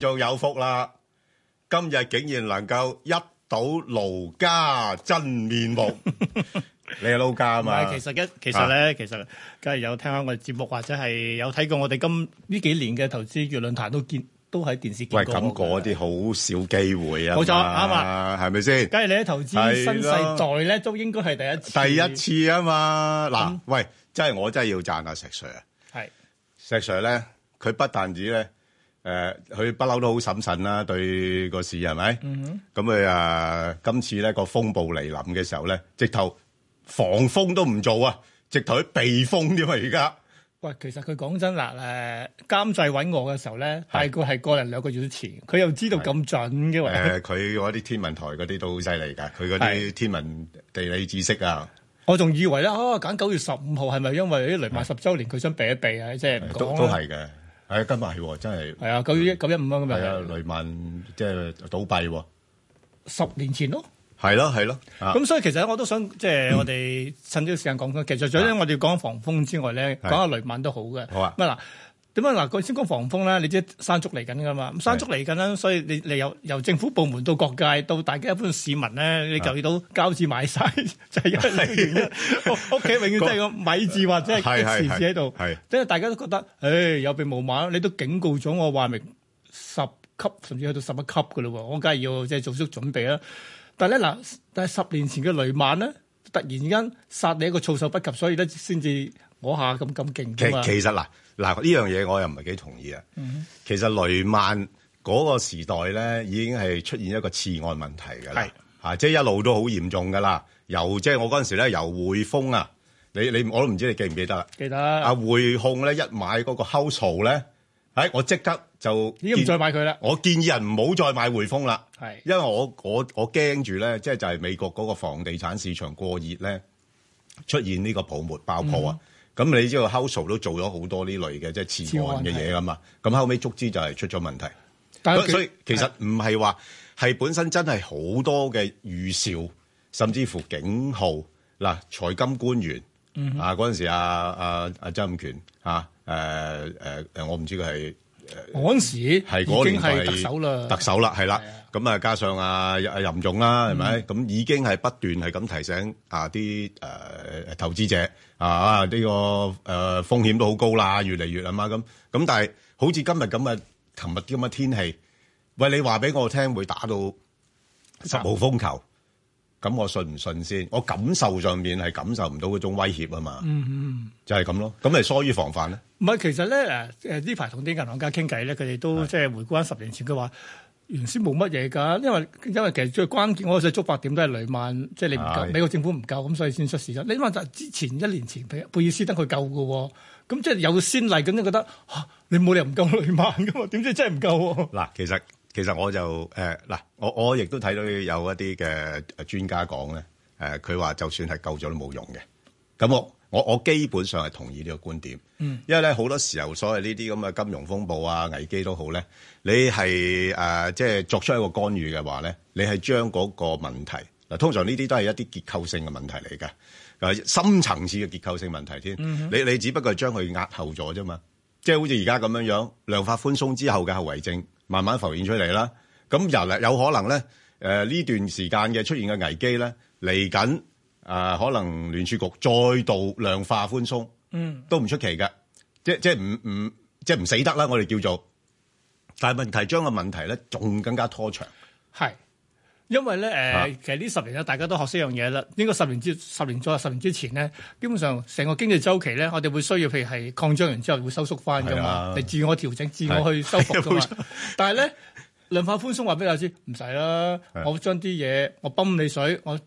仲有福啦！今日竟然能夠一睹盧家真面目， 你係盧家啊嘛？係其實一其實咧，其實梗係、啊、有聽下我哋節目，或者係有睇過我哋今呢幾年嘅投資月論壇，都見都喺電視見。喂，咁嗰啲好少機會啊！冇錯，啱啊，係咪先？梗係你喺投資新世代咧，了都應該係第一次。第一次啊嘛！嗱、嗯，喂，真係我真係要贊下石 Sir 啊是！係石 Sir 咧，佢不但止咧。誒，佢不嬲都好審慎啦，對個市，係咪？咁佢啊，今次咧個風暴嚟臨嘅時候咧，直頭防風都唔做啊，直頭去避風添啊！而家喂，其實佢講真啦，誒，監製搵我嘅時候咧，係佢係過嚟兩個月前，佢又知道咁準嘅，誒，佢嗰啲天文台嗰啲都好犀利噶，佢嗰啲天文地理知識啊，我仲以為咧，哦，揀九月十五號係咪因為啲雷曼十週年，佢想避一避啊？即係都都係嘅。係跟埋喎，真係係啊！九月九一五蚊咁樣，啊啊、雷曼即係、就是、倒閉喎、啊，十年前咯，係咯係咯，咁、啊啊、所以其實我都想即係、就是、我哋趁呢個時間講、嗯、其實除咗我哋講防風之外咧，講下、啊、雷曼都好嘅、啊。好啊，咁嗱。點解嗱？佢先講防風咧，你知山竹嚟緊噶嘛？咁山竹嚟緊啦，所以你你由由政府部門到各界到大家一般市民咧，你就遇到膠紙埋晒就係因為原因屋企永遠都係個米字或者係黐字喺度，即係大家都覺得誒有備無馬，你都警告咗我話明十級甚至去到十一級噶咯。我梗係要即係做足準備啦。但係咧嗱，但係十年前嘅雷曼咧，突然間殺你一個措手不及，所以咧先至我下咁咁勁噶嘛。其實嗱。嗱呢樣嘢我又唔係幾同意啊！其實雷曼嗰個時代咧，已經係出現一個次按問題㗎啦，是即係一路都好嚴重噶啦。由即係、就是、我嗰陣時咧，由匯豐啊，你你我都唔知你記唔記得啦？記得啊，匯控咧一買嗰個 house 咧、哎，係我即刻就已經唔再買佢啦。我建議人唔好再買匯豐啦，是因為我我我驚住咧，即係就係、是、美國嗰個房地產市場過熱咧，出現呢個泡沫爆破啊！嗯咁你知道 House 都做咗好多呢類嘅即係次按嘅嘢啊嘛，咁悟後尾足之就係出咗問題，但是所以其實唔係話係本身真係好多嘅預兆，甚至乎警號嗱、啊、財金官員、嗯、哼啊嗰陣時啊阿啊曾蔭權啊誒誒誒我唔知佢係嗰陣時係已經係特首啦，特首啦係啦。咁啊，加上阿阿任總啦，係咪？咁已經係不斷係咁提醒啊啲誒投資者啊，呢個誒風險都好高啦，越嚟越啊嘛咁。咁但係好似今日咁啊，琴日啲咁嘅天氣，喂你話俾我聽，會打到十號風球，咁我信唔信先？我感受上面係感受唔到嗰種威脅啊嘛。嗯嗯，就係咁咯。咁咪疏於防範咧？唔係，其實咧誒誒呢排同啲銀行家傾偈咧，佢哋都即係回顧翻十年前嘅話。原先冇乜嘢㗎，因為因為其實最關鍵嗰陣觸發點都係雷曼，即、就、係、是、你唔夠、哎、美國政府唔夠咁，所以先出事。你問就之前一年前，貝貝爾斯登佢救㗎喎，咁即係有先例咁，就覺得、啊、你冇理由唔夠雷曼㗎嘛？點知真係唔夠喎、啊？嗱，其實其實我就嗱、呃，我我亦都睇到有一啲嘅專家講咧，佢、呃、話就算係救咗都冇用嘅，咁我。我我基本上係同意呢個觀點，因為咧好多時候，所謂呢啲咁嘅金融風暴啊、危機都好咧，你係誒即係作出一個干預嘅話咧，你係將嗰個問題嗱，通常呢啲都係一啲結構性嘅問題嚟㗎，深層次嘅結構性問題添。你你只不過係將佢壓後咗啫嘛，即係好似而家咁樣樣，量化寬鬆之後嘅後遺症慢慢浮現出嚟啦。咁有可能咧，誒呢段時間嘅出現嘅危機咧嚟緊。誒、啊，可能聯儲局再度量化寬鬆，嗯，都唔出奇㗎。即即唔唔即唔死得啦，我哋叫做，但係問題將個問題咧，仲更加拖長，係，因為咧誒，呃啊、其實呢十年咧，大家都學識一樣嘢啦，呢個十年之十年左右、十年之前咧，基本上成個經濟周期咧，我哋會需要，譬如係擴張完之後會收縮翻噶嘛，啊、你自我調整、自我去收復噶嘛，啊啊、但係咧量化寬鬆話俾你知，唔使啦，啊、我將啲嘢我泵你水我。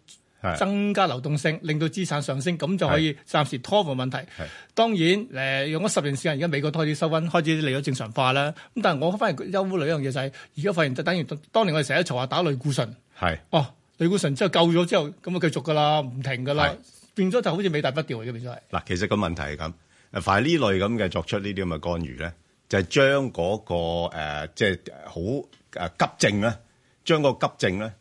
是增加流動性，令到資產上升，咁就可以暫時拖緩問題。當然，誒、呃、用咗十年時間，而家美國開始收穩，開始利率正常化啦。咁但係我反而憂慮一樣嘢就係、是，而家發現就等於當年我哋成日嘈下打類固醇。係哦是、啊，類固醇之後救咗之後，咁咪繼續㗎啦，唔停㗎啦，是變咗就好似尾大不掉，而家變咗係。嗱是，其實個問題係咁，凡係呢類咁嘅作出呢啲咁嘅干預咧，就係、是、將嗰、那個即係好誒急症咧，將個急症咧。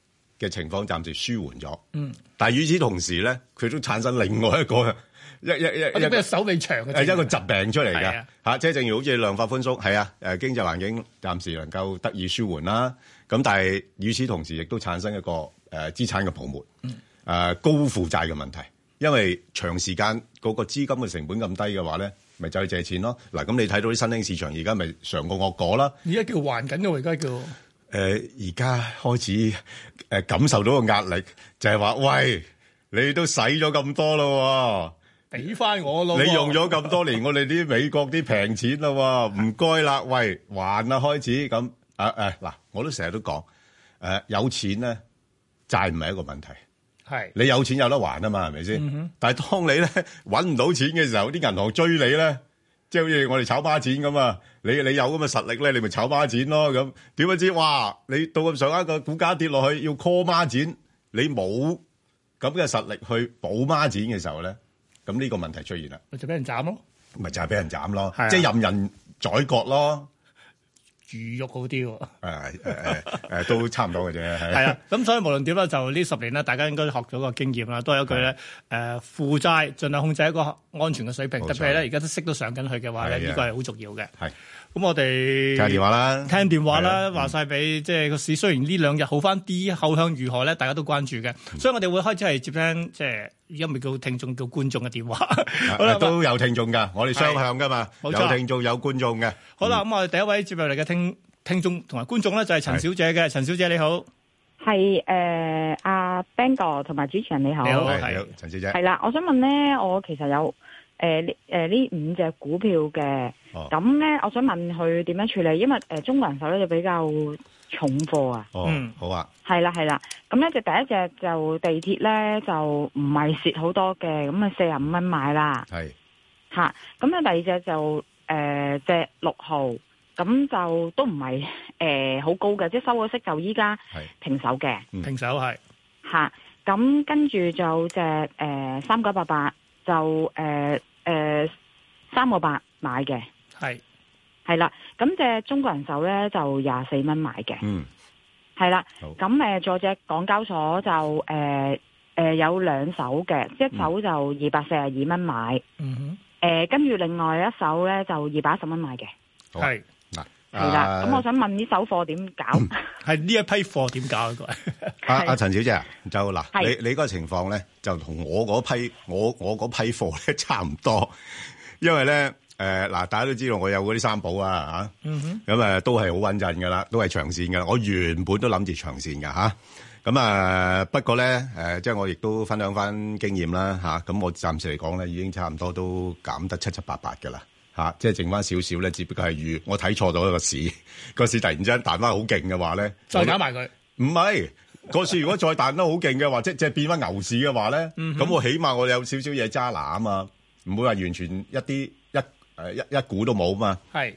嘅情況暫時舒緩咗，嗯，但係與此同時咧，佢都產生另外一個一一一有咩手尾長嘅、啊，係一個疾病出嚟嘅嚇，即係正如好似量化寬鬆，係啊，誒經濟環境暫時能夠得以舒緩啦，咁但係與此同時亦都產生一個誒、呃、資產嘅泡沫，誒、呃、高負債嘅問題，因為長時間嗰個資金嘅成本咁低嘅話咧，咪就係借錢咯，嗱，咁你睇到啲新興市場而家咪嚐過惡果啦，而家叫還緊嘅，而家叫。誒，而家、呃、開始誒感受到個壓力就，就係話喂，你都使咗咁多咯，俾翻我咯。你用咗咁多年， 我哋啲美國啲平錢咯，唔該啦，喂，還啦開始咁。誒誒，嗱、呃呃，我都成日都講，誒、呃，有錢咧債唔係一個問題，係是你有錢有得還啊嘛，係咪先？嗯、哼但係當你咧搵唔到錢嘅時候，啲銀行追你咧。即係好似我哋炒孖展咁啊，你你有咁嘅實力咧，你咪炒孖展咯。咁點不知哇？你到咁上一個股價跌落去要 call 孖展，你冇咁嘅實力去補孖展嘅時候咧，咁呢個問題出現啦。咪就俾人斬咯，咪就係俾人斬咯，啊、即係任人宰割咯。住魚肉好啲喎，啊，誒、啊、誒、啊啊、都差唔多嘅啫，係 啊，咁所以無論點咧，就呢十年咧，大家應該學咗個經驗啦，都係一句咧，誒是、呃、負債盡量控制一個安全嘅水平，特別係咧而家息都上緊去嘅話咧，呢的個係好重要嘅，係。咁我哋聽電話啦，聽電話啦，話曬俾即係個市，雖然呢兩日好翻啲，後向如何咧，大家都關注嘅。所以我哋會開始係接聽，即係而家咪叫聽眾叫觀眾嘅電話。好啦，都有聽眾噶，我哋雙向噶嘛，冇錯，有聽眾有觀眾嘅。好啦，咁我哋第一位接入嚟嘅聽聽眾同埋觀眾咧，就係陳小姐嘅。陳小姐你好，係誒阿 Bingo 同埋主持人你好，你好，係陳小姐。係啦，我想問咧，我其實有。誒，誒呢、呃呃、五隻股票嘅，咁咧、哦，我想問佢點樣處理？因為誒、呃，中國人手咧就比較重貨啊。哦、嗯，好啊，係啦係啦。咁咧隻第一隻就地鐵咧就唔係蝕好多嘅，咁是啊四十五蚊買啦。係，吓，咁咧第二隻就誒、呃、隻六號，咁就都唔係誒好高嘅，即係收咗息就依家平手嘅。平、嗯、手係，吓、啊，咁跟住就隻誒三九八八就誒。呃誒、呃，三個八買嘅係，係啦是。咁嘅中國人壽咧就廿四蚊買嘅，嗯，係啦。咁誒，再隻港交所就誒誒、呃呃、有兩手嘅，一手就二百四十二蚊買，嗯哼，誒跟住另外一手咧就二百一十蚊買嘅，係、啊。係啦，咁我想問呢手貨點搞？係呢、啊、一批貨點搞 啊？阿陳小姐啊，就嗱是，你你個情況咧，就同我嗰批我我嗰批貨咧差唔多，因為咧誒嗱，大家都知道我有嗰啲三寶啊吓，咁啊都係好穩陣噶啦，都係長線噶。我原本都諗住長線噶吓，咁啊，啊不過咧誒、啊，即係我亦都分享翻經驗啦吓。咁、啊、我暫時嚟講咧，已經差唔多都減得七七八八噶啦。吓，即係剩翻少少咧，只不過係預我睇錯咗個市，個市突然之間彈翻好勁嘅話咧，再打埋佢，唔係個市如果再彈得好勁嘅話， 即係變翻牛市嘅話咧，咁、嗯、哼我起碼我有少少嘢揸拿啊嘛，唔會話完全一啲一誒一一股都冇嘛。係是，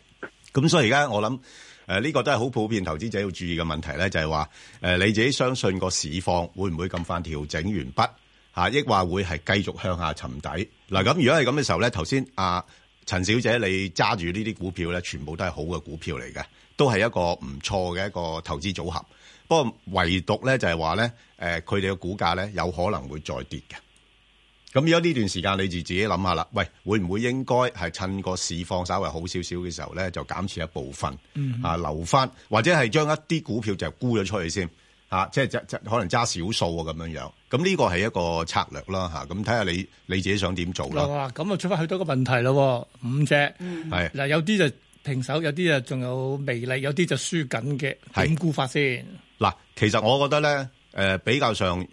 咁所以而家我諗誒呢個都係好普遍投資者要注意嘅問題咧，就係話誒你自己相信個市況會唔會咁快調整完畢吓，抑或會係繼續向下沉底嗱？咁、呃、如果係咁嘅時候咧，頭先阿。啊陳小姐，你揸住呢啲股票咧，全部都係好嘅股票嚟嘅，都係一個唔錯嘅一個投資組合。不過唯獨咧就係話咧，誒佢哋嘅股價咧有可能會再跌嘅。咁而家呢段時間，你就自己諗下啦。喂，會唔會應該係趁個市況稍微好少少嘅時候咧，就減持一部分，mm hmm. 啊，留翻或者係將一啲股票就沽咗出去先。吓、啊，即係即即可能揸少數咁樣樣，咁呢個係一個策略啦吓，咁睇下你你自己想點做啦。咁啊，咁出翻去多個問題咯，五隻係嗱，嗯、是有啲就平手，有啲啊仲有微利，有啲就輸緊嘅，點估法先？嗱、啊，其實我覺得咧，誒、呃，比較上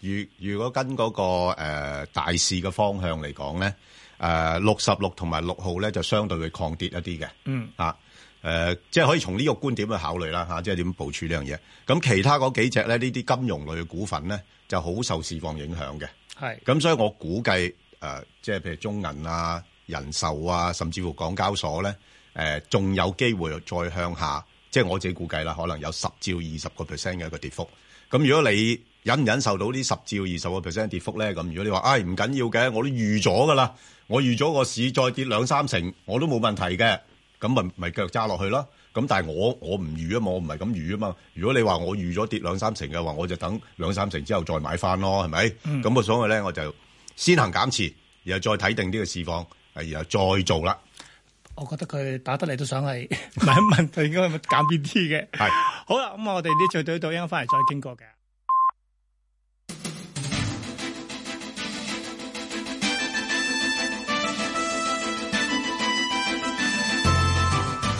如如果跟嗰、那個誒、呃、大市嘅方向嚟講咧，誒、呃，六十六同埋六號咧就相對會抗跌一啲嘅，嗯，啊。誒，即係可以從呢個觀點去考慮啦，吓，即係點部署呢樣嘢。咁其他嗰幾隻咧，呢啲金融類嘅股份咧，就好受市況影響嘅。係，咁所以我估計誒，即係譬如中銀啊、人壽啊，甚至乎港交所咧，誒，仲有機會再向下。即係我自己估計啦，可能有十至二十個 percent 嘅一個跌幅。咁如果你忍唔忍受到呢十至二十個 percent 跌幅咧，咁如果你話，唉，唔緊要嘅，我都預咗噶啦，我預咗個市再跌兩三成，我都冇問題嘅。咁咪咪腳揸落去咯，咁但係我我唔預啊嘛，我唔係咁預啊嘛。如果你話我預咗跌兩三成嘅話，我就等兩三成之後再買翻咯，係咪？咁、嗯、所以咧，我就先行減持，然後再睇定呢個市況，然後再做啦。我覺得佢打得嚟都想係問一問佢應該減邊啲嘅。係好啦，咁我哋啲隊隊應該翻嚟、 嗯、再經過嘅。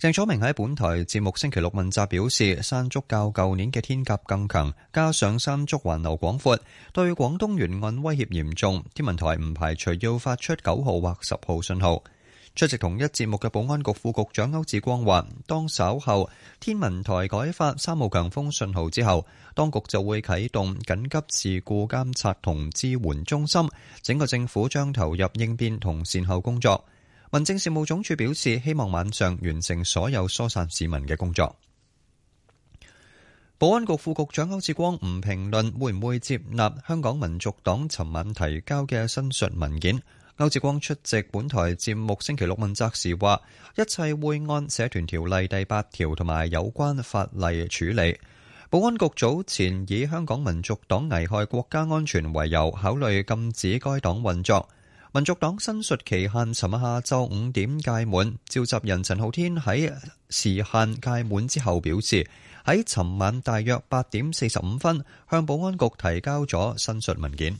鄭楚明喺本台節目星期六問責表示，山竹較舊年嘅天鴿更強，加上山竹環流廣闊，對廣東沿岸威脅嚴重。天文台唔排除要發出九號或十號信號。出席同一節目嘅保安局副局長歐志光話，當稍後天文台改發三號強風信號之後，當局就會啟動緊急事故監察同支援中心，整個政府將投入應變同善後工作。民政事務總署表示，希望晚上完成所有疏散市民嘅工作。保安局副局長歐志光唔評論會唔會接納香港民族黨尋晚提交嘅申述文件。歐志光出席本台節目星期六問責時話，一切會按社團條例第八條同埋有關法例處理。保安局早前以香港民族黨危害國家安全為由，考慮禁止該黨運作。民族黨申述期限尋日下晝五點屆滿，召集人陳浩天喺時限屆滿之後表示，喺尋晚大約八點四十五分向保安局提交咗申述文件。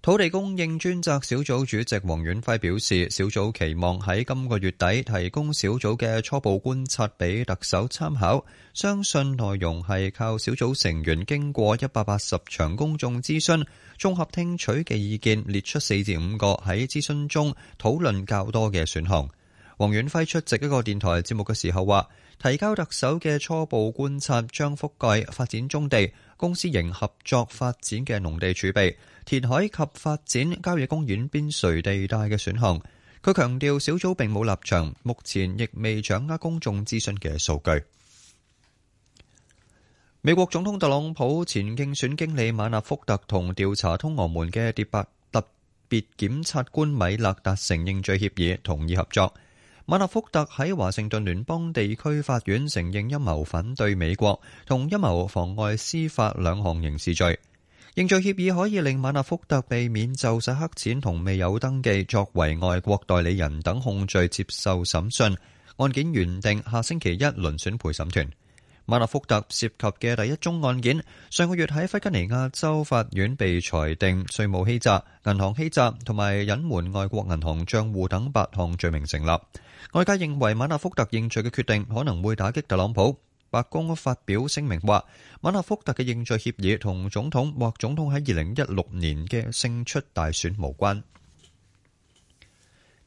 土地供應專責小組主席黃遠輝表示，小組期望喺今個月底提供小組嘅初步觀察俾特首參考，相信內容係靠小組成員經過一百八十場公眾諮詢，綜合聽取嘅意見，列出四至五個喺諮詢中討論較多嘅選項。黃遠輝出席一個電台節目嘅時候話。提交特首嘅初步觀察將覆蓋發展棕地、公私營合作發展嘅農地儲備、填海及發展郊野公園邊陲地帶嘅選項。佢強調小組並冇立場，目前亦未掌握公眾諮詢嘅數據。美國總統特朗普前競選經理馬納福特同調查通俄門嘅跌八特別檢察官米勒達成認罪協議，同意合作。馬納福特喺華盛頓聯邦地區法院承認陰謀反對美國同陰謀妨礙司法兩項刑事罪。認罪協議可以令馬納福特避免就洗黑錢同未有登記作為外國代理人等控罪接受審訊。案件原定下星期一輪選陪審團。馬納福特涉及嘅第一宗案件上個月喺弗吉尼亞州法院被裁定稅務欺詐、銀行欺詐同埋隱瞞外國銀行賬戶等八項罪名成立。外界認為馬納福特認罪嘅決定可能會打擊特朗普。白宮發表聲明話，馬納福特嘅認罪協議同總統或總統喺二零一六年嘅勝出大選無關。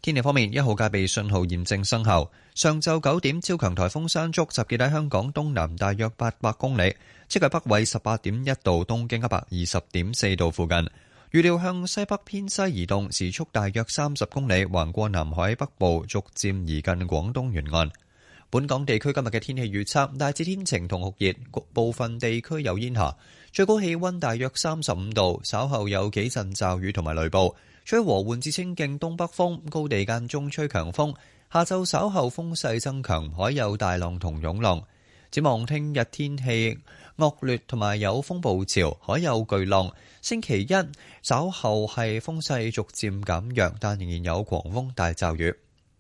天氣方面，一號戒備信號驗證生效。上晝九點，超強台風山竹集結喺香港東南大約八百公里，即係北緯十八點一度，東經一百二十點四度附近。預料向西北偏西移動，時速大約三十公里，橫過南海北部，逐漸移近廣東沿岸。本港地區今日嘅天氣預測：大致天晴同酷熱，部分地區有煙霞，最高氣溫大約三十五度。稍後有幾陣驟雨同埋雷暴，吹和緩至清勁東北風，高地間中吹強風。下晝稍後風勢增強，海有大浪同湧浪。展望聽日天氣，惡劣同埋有風暴潮，海有巨浪。星期一稍後係風勢逐漸減弱，但仍然有狂風大驟雨。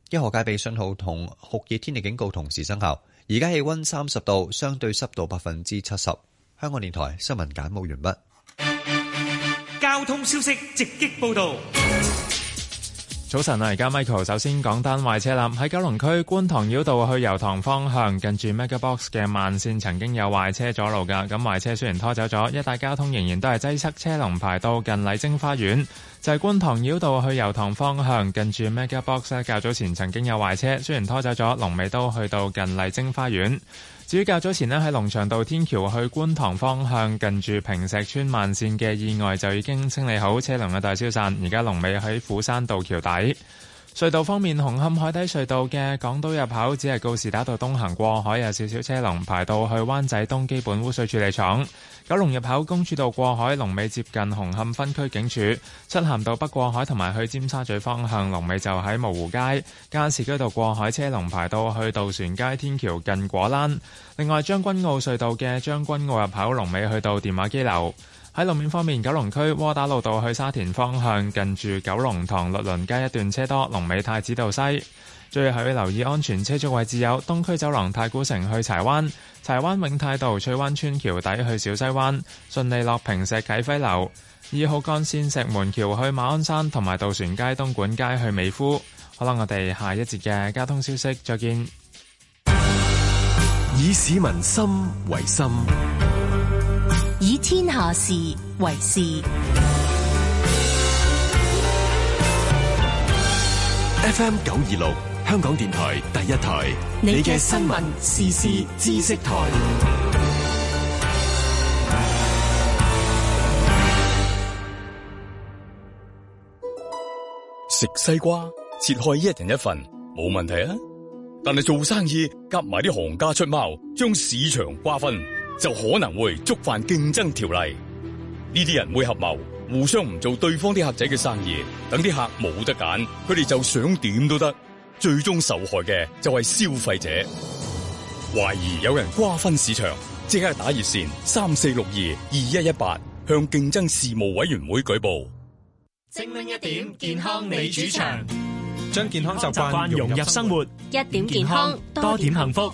一號戒備信號同酷熱天氣警告同時生效。而家氣温三十度，相對濕度百分之七十。香港電台新聞簡報完畢。交通消息直擊報導。早晨啊，而家 Michael 首先講單壞車喇。喺九龍區觀塘繞道去油塘方向，近住 Megabox 嘅慢線曾經有壞車阻路㗎。咁壞車雖然拖走咗，一帶交通仍然都係擠塞，車龍排到近麗晶花園。就係觀塘繞道去油塘方向，近住 Megabox，較早前曾經有壞車，雖然拖走咗，龍尾都去到近麗晶花園。至於較早前喺龍翔道天橋去觀塘方向，近住坪石村慢線嘅意外就已經清理好車，車龍嘅大消散，而家龍尾喺虎山道橋底。隧道方面，紅磡海底隧道嘅港島入口只係告士打道東行過海，有少少車龍排到去灣仔東基本污水處理廠；九龍入口公主道過海，龍尾接近紅磡分區警署；漆咸道北過海同埋去尖沙咀方向，龍尾就喺蕪湖街；加士居道過海車龍排到去渡船街天橋近果欄。另外，將軍澳隧道嘅將軍澳入口龍尾去到電話機樓。喺路面方面，九龍區窩打老道去沙田方向近住九龍塘律倫街一段車多，龍尾太子道西。最後要留意安全車速位置有東區走廊太古城去柴灣、柴灣永泰道翠灣村橋底去小西灣、順利落坪石啟輝樓、二號幹線石門橋去馬鞍山同埋渡船街東莞街去美孚。好啦，我哋下一節嘅交通消息再見。以市民心為心。下事為事，FM 九二六香港電台第一台，你嘅新聞時事知識台。食西瓜切開一人一份冇問題啊，但係做生意夾埋啲行家出貓，將市場瓜分。就可能會觸犯競爭條例，呢啲人會合謀，互相唔做對方啲客仔嘅生意，等啲客冇得揀，佢哋就想點都得，最終受害嘅就係消費者。懷疑有人瓜分市場，即刻打熱線三四六二二一一八向競爭事務委員會舉報。精明一點，健康你主場，將健康習慣融入生活，一點健康多點幸福。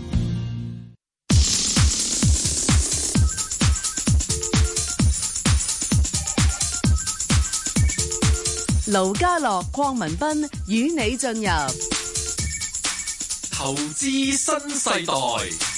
盧家樂、鄺民彬與你進入投資新世代。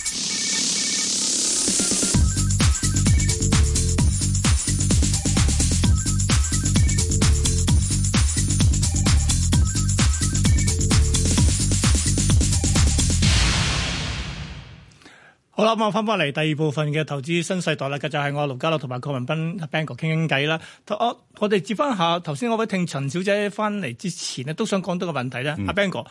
好啦，我翻翻嚟第二部分嘅投資新世代啦，就係、是、我盧家樂同埋郭文斌阿 Bang 哥傾傾偈啦、啊。我我哋接翻下頭先，嗰位聽陳小姐翻嚟之前咧，都想講多個問題咧。阿 Bang 哥，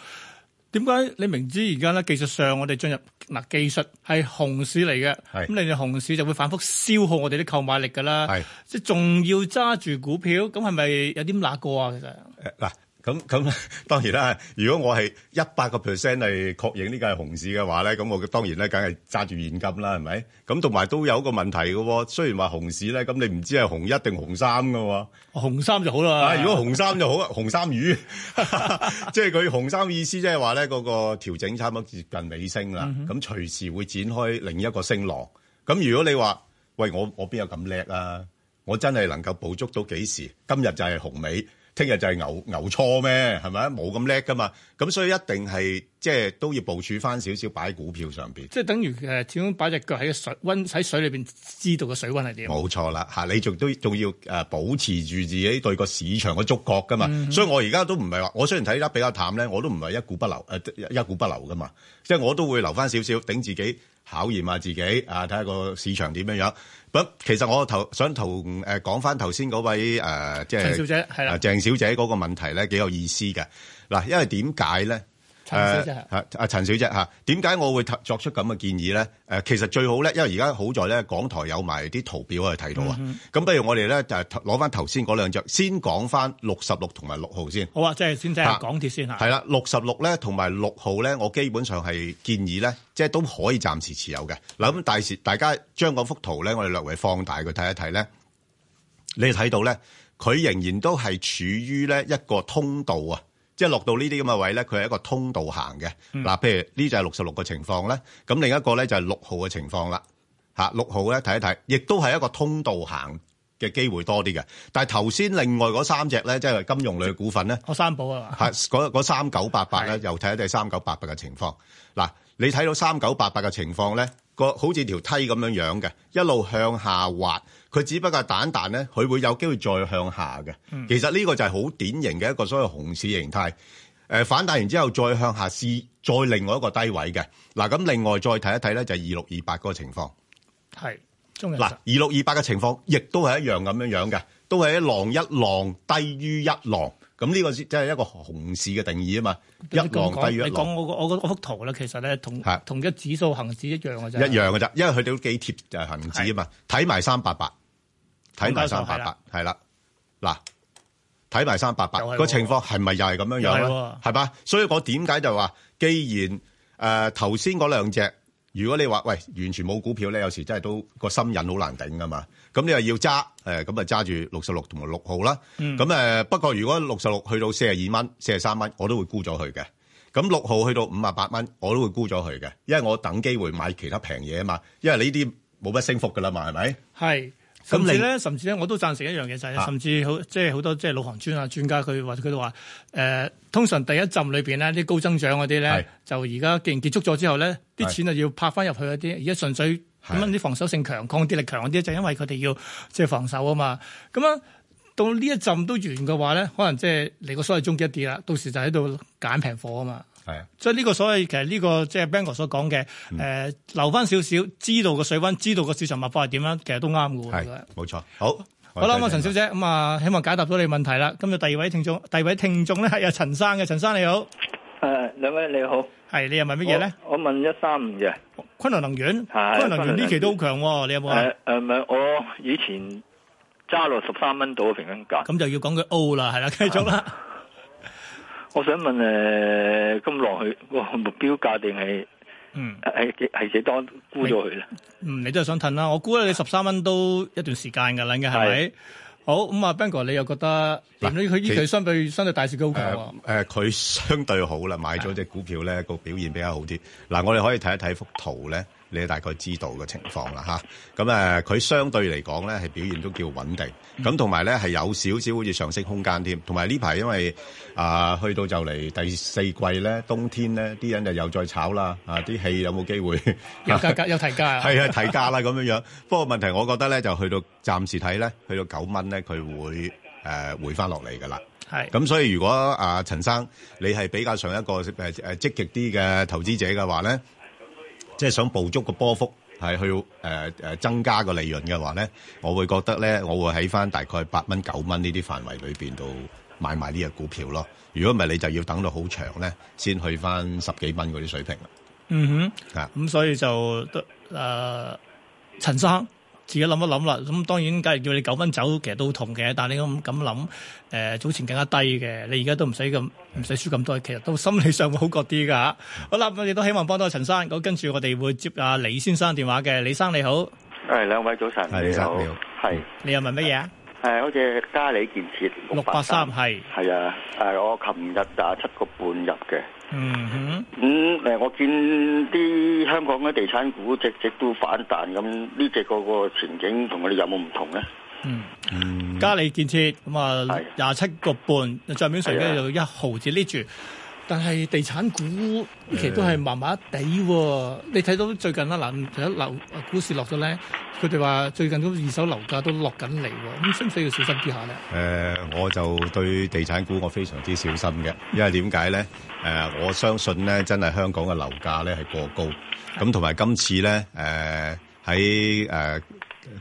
點解你明知而家咧技術上我哋進入嗱技術係熊市嚟嘅，咁是 你哋熊市就會反覆消耗我哋啲購買力噶啦，是 即係仲要揸住股票，咁係咪有啲難過啊？其實、啊。咁咁當然啦，如果我係一百個 percent 係確認呢個係熊市嘅話咧，咁我當然咧梗係揸住現金啦，係咪？咁同埋都有個問題嘅喎，雖然話熊市咧，咁你唔知係熊一定熊三㗎喎。熊三就好啦，如果熊三就好， 紅衫魚，哈哈即係佢熊三意思即係話咧嗰個調整差唔多接近尾聲啦，咁、嗯、哼隨時會展開另一個升浪。咁如果你話喂我我邊有咁叻啊？我真係能夠捕捉到幾時？今日就係熊尾。聽日就係牛牛，錯咩？係咪冇咁叻噶嘛，咁所以一定係，即係都要部署翻少少擺喺股票上面，即係等於誒、呃，始終擺隻腳喺水溫喺水裏面知道個水溫係點。冇錯啦，啊、你仲都仲要誒保持住自己對個市場嘅觸覺噶嘛。嗯、哼所以我而家都唔係話，我雖然睇得比較淡咧，我都唔係一股不留，誒、啊、一股不留噶嘛。即係我都會留翻少少，頂自己考驗下自己啊，睇下個市場點樣樣。其實我想同誒講翻頭先嗰位鄭小姐嗰個問題咧幾有意思嘅。嗱，因為點解咧？誒嚇，阿陳小姐點解，啊啊、我會作出咁嘅建議咧，啊？其實最好咧，因為而家好在咧，港台有埋啲圖表去睇到啊。咁，嗯、哼不如我哋咧就攞翻頭先嗰兩隻，先講翻六十六同埋六號先。好啊，即係先即係港鐵先嚇。係啦，六十六咧同埋六號咧，我基本上係建議咧，即、就、係、是，都可以暫時持有嘅。嗱咁，第時大家將嗰幅圖咧，我哋略為放大佢睇一睇咧，你睇到咧，佢仍然都係處於咧一個通道啊。即係落到呢啲咁嘅位咧，佢係一個通道行嘅。嗱，譬如呢就係六十六個情況咧，咁另一個咧就係六號嘅情況啦。嚇，六號咧睇一睇，亦都係一個通道行嘅機會多啲嘅。但係頭先另外嗰三隻咧，即係金融類股份咧，我三寶啊，係嗰三九八八咧，又睇一睇三九八八嘅情況。嗱，你睇到三九八八嘅情況咧，個好似條梯咁樣樣嘅，一路向下滑。佢只不過蛋彈咧，佢會有機會再向下嘅。其實呢個就係好典型嘅一個所謂熊市形態、呃。反彈完之後再向下試，再另外一個低位嘅。嗱、啊、咁另外再睇一睇咧就係二六二八嗰個情況。係，嗱，二六二八嘅情況亦都係一樣咁樣樣嘅，都係一浪一浪低於一浪。咁呢個即係一個熊市嘅定義啊嘛，一浪低於一浪。你講我個我個幅圖咧，其實咧同是同啲指數恒指一樣嘅啫，一樣嘅啫，是因為佢哋都幾貼就恒指啊嘛，睇埋三八八。睇埋三八八係啦，嗱，睇埋三八八個情況係咪又係咁樣樣咧？係的吧？所以我點解就話，既然誒頭先嗰兩隻，如果你話喂，完全冇股票咧，有時真係都個心癮好難頂噶嘛。咁你又要揸誒，咁啊揸住六十六同埋六號啦。咁誒、嗯，不過如果六十六去到四十二蚊、四十三蚊，我都會沽咗佢嘅。咁六號去到五十八蚊，我都會沽咗佢嘅，因為我等機會買其他平嘢啊嘛。因為呢啲冇乜升幅噶啦嘛，係咪？係。甚至咧，你甚至咧，我都贊成一樣嘢就係，啊、甚至好即係好多即係老行尊啊專家佢話佢哋話誒，通常第一浸裏邊咧啲高增長嗰啲咧，是的 就而家既然結束咗之後咧，啲是的 錢啊要拍翻入去嗰啲，而家純粹咁啲防守性強、抗跌力強嗰啲，就是、因為佢哋要即係、就是、防守啊嘛。咁啊，到呢一浸都完嘅話咧，可能即係嚟個所謂終結一啲啦。到時就喺度揀平貨啊嘛。係，所以呢個所謂其實呢個即係 Bangor 所講嘅，誒留翻少少，知道個水溫，知道個市場脈搏係點樣，其實都啱嘅。係，冇錯。好，好啦，咁陳小姐，咁啊，希望解答到你問題啦。今日第二位聽眾，第二位聽眾咧係阿陳生嘅，陳生你好。誒，兩位你好。係，你又問乜嘢咧？我問一三五嘅昆崙能源，昆崙能源呢期都好強，你有冇誒誒，我以前揸落十三蚊到嘅平均價。咁就要講句 O 啦，係啦，繼續啦。我想問誒，今落去個目標價定係，嗯係幾係幾多沽咗佢咧？嗯，你都係想褪啦。我估咧，你十三蚊都一段時間噶啦，應該係咪？是好咁啊，彬哥，你又覺得？佢依佢相對相對大市高強喎。誒，佢、呃呃、相對好啦，買咗隻股票咧個表現比較好啲。嗱是、呃，我哋可以睇一睇幅圖咧。你大概知道嘅情況啦，吓、啊，咁、啊、誒，佢相對嚟講咧係表現都叫穩定，咁同埋咧係有少少好似上升空間添。同埋呢排因為啊去到就嚟第四季咧，冬天咧啲人就又再炒啦，啊啲氣有冇機會有價格、啊、有提價、啊、有提價？係啊，提價啦咁樣樣。不過問題我覺得咧，就去到暫時睇咧，去到九蚊咧，佢會誒、啊、回翻落嚟㗎啦。係。咁、啊、所以如果啊陳生，你係比較上一個、啊、積極啲嘅投資者嘅話咧。.即係想捕捉個波幅係去誒誒增加個利潤嘅話咧，我會覺得咧，我會喺返大概八蚊九蚊呢啲範圍裏邊度買埋呢隻股票咯。如果唔係你就要等到好長咧，先去返十幾蚊嗰啲水平啦。嗯哼，啊咁是、嗯、所以就得誒、呃、陳生。自己諗一諗啦，咁當然，梗係叫你九蚊走，其實都好痛嘅。但你咁咁諗，誒、呃、早前更加低嘅，你而家都唔使咁唔使輸咁多，其實都心理上會好過啲㗎。好啦，我哋都希望幫到陳生。好，跟住我哋會接阿李先生電話嘅。李先生你好，誒，兩位早晨，李生好，係你，是你又問乜嘢啊？係好似嘉里建設六八三，係係是啊，係我琴日廿七個半入嘅。嗯哼，咁誒、嗯，我見啲香港嘅地產股隻隻都反彈，咁呢隻個個前景有有同佢哋有冇唔同咧？嗯，嘉里建設咁啊，廿七個半，上面上邊就一毫子 lift 住。但係地產股其實都係麻麻地喎，你睇到最近啦，嗱，成日樓股市落咗咧，佢哋話最近咁二手樓價都落緊嚟喎，咁需唔需要小心啲下咧？誒，我就對地產股我非常之小心嘅，因為點解咧？誒，我相信咧，真係香港嘅樓價咧係過高，咁同埋今次咧，誒喺誒。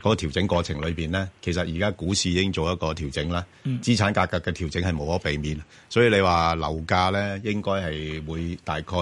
嗰個調整過程裏面咧，其實而家股市已經做一個調整啦，資產價格嘅調整係無可避免，所以你話樓價咧應該係會大概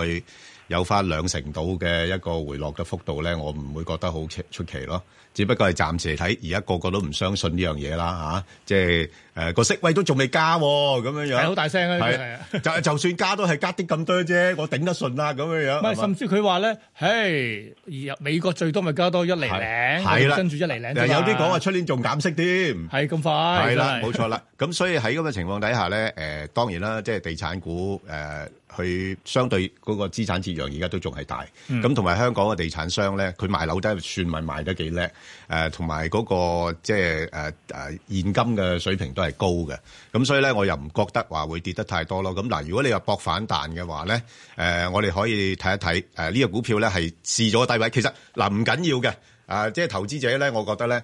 有翻兩成度嘅一個回落嘅幅度咧，我唔會覺得好出奇咯，只不過係暫時嚟睇，而家個個都唔相信呢樣嘢啦嚇，即係誒，個息位都仲未加喎，咁樣樣係好大聲啊！就就算加都係加啲咁多啫，我頂得順啦，咁樣樣。唔係，甚至佢話咧，誒，美國最多咪加多一厘零，跟住一厘零都有。有啲講話出年仲減息添，係咁快，係啦，冇錯啦。咁所以喺咁嘅情況底下咧，誒，當然啦，即係地產股誒。佢相對嗰個資產折讓而家都仲係大，咁同埋香港嘅地產商咧，佢賣樓都算咪賣得幾叻，誒同埋嗰個即係誒誒現金嘅水平都係高嘅，咁所以咧，我又唔覺得話會跌得太多咯。咁嗱，如果你話博反彈嘅話咧、呃，我哋可以睇一睇呢、呃呢個股票咧係試咗低位。其實嗱唔、呃、緊要嘅，啊即係投資者咧，我覺得咧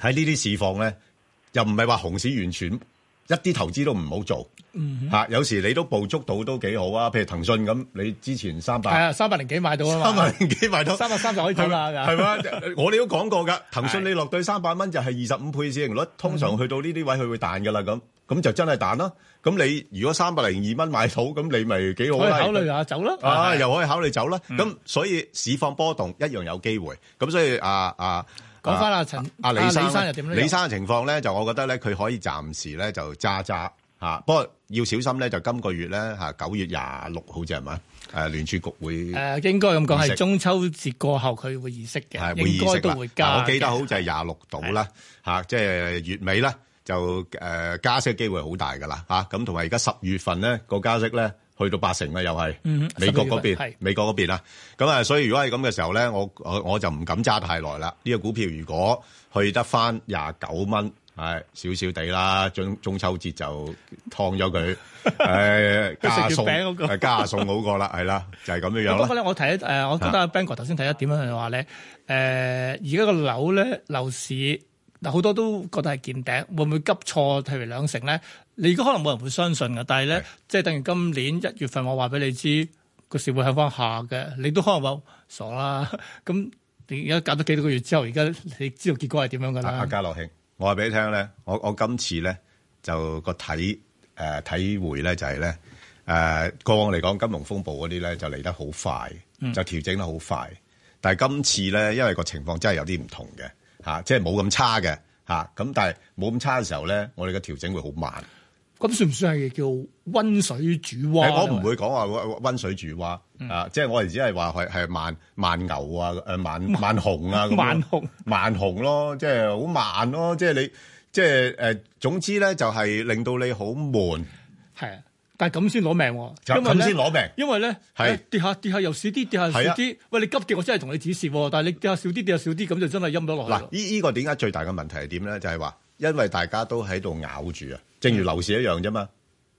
喺呢啲市況咧又唔係話熊市完全。一啲投資都唔好做，有時你都捕捉到都幾好啊。譬如騰訊咁，你之前三百，係啊，三百零幾買到啊嘛，三百零幾買到，三百三十可以睇啦㗎。係嘛？我哋都講過㗎。騰訊你落對三百蚊就係二十五倍市盈率，通常去到呢啲位佢會彈㗎啦。咁咁就真係彈啦。咁你如果三百零二蚊買到，咁你咪幾好，可以考慮下走啦。啊，又可以考慮走啦。咁所以市況波動一樣有機會。咁所以啊啊。講翻阿陳阿、啊、李生，李生嘅情況咧，就我覺得咧，佢可以暫時咧就揸揸嚇，不過要小心咧，就今個月咧嚇九月廿六號就係嘛，誒、啊、聯儲局會誒應該咁講係中秋節過後佢會議息嘅，會議息應該都會加、啊。我記得好就係廿六度啦嚇，即係的、啊就是、月尾咧就誒、呃、加息機會好大㗎啦嚇，咁同埋而家十月份咧個加息咧。去到八成啦，又係、嗯、美國嗰邊，美國嗰邊啊！咁啊，所以如果係咁嘅時候咧，我我我就唔敢揸太耐啦。呢個股票如果去得翻廿九蚊，係少少地啦。中中秋節就劏咗佢，係 加餸上，係加餸好過啦，係啦， 就係、是、咁樣樣。不過咧，我睇、呃、我覺得 Ben 哥頭先睇一點樣佢話咧，誒而家個樓咧樓市，嗱好多都覺得係見頂，會唔會急錯譬如兩成咧？你而家可能冇人會相信嘅，但係咧，是即係等於今年一月份我話俾你知個市會向翻下嘅，你都可能話傻啦。咁你而家隔咗幾多個月之後，而家你知道結果係點樣㗎啦、啊？家樂興，我話俾你聽咧，我我今次咧就個體誒、呃、體會咧就係咧誒過往嚟講金融風暴嗰啲咧就嚟得好快，就調整得好快。嗯、但係今次咧，因為個情況真係有啲唔同嘅嚇、啊，即係冇咁差嘅嚇。咁、啊、但係冇咁差嘅時候咧，我哋嘅調整會好慢。咁算唔算係叫溫水煮蛙？我唔會講話溫水煮蛙啊，即係我而只係話係係慢慢牛啊，誒慢慢熊啊，慢，咁慢熊慢熊咯，即係好慢咯，即係你即係誒，總之咧就係令到你好悶。係啊，但係咁先攞命，就咁先攞命。因為咧係跌下跌下又少啲，跌下少啲。喂，你急跌我真係同你指示，但係你跌下少啲，跌下少啲，咁就真係陰咗落。嗱，呢呢個點解最大嘅問題係點咧？就係話因為大家都喺度咬住啊。正如樓市一樣啫嘛，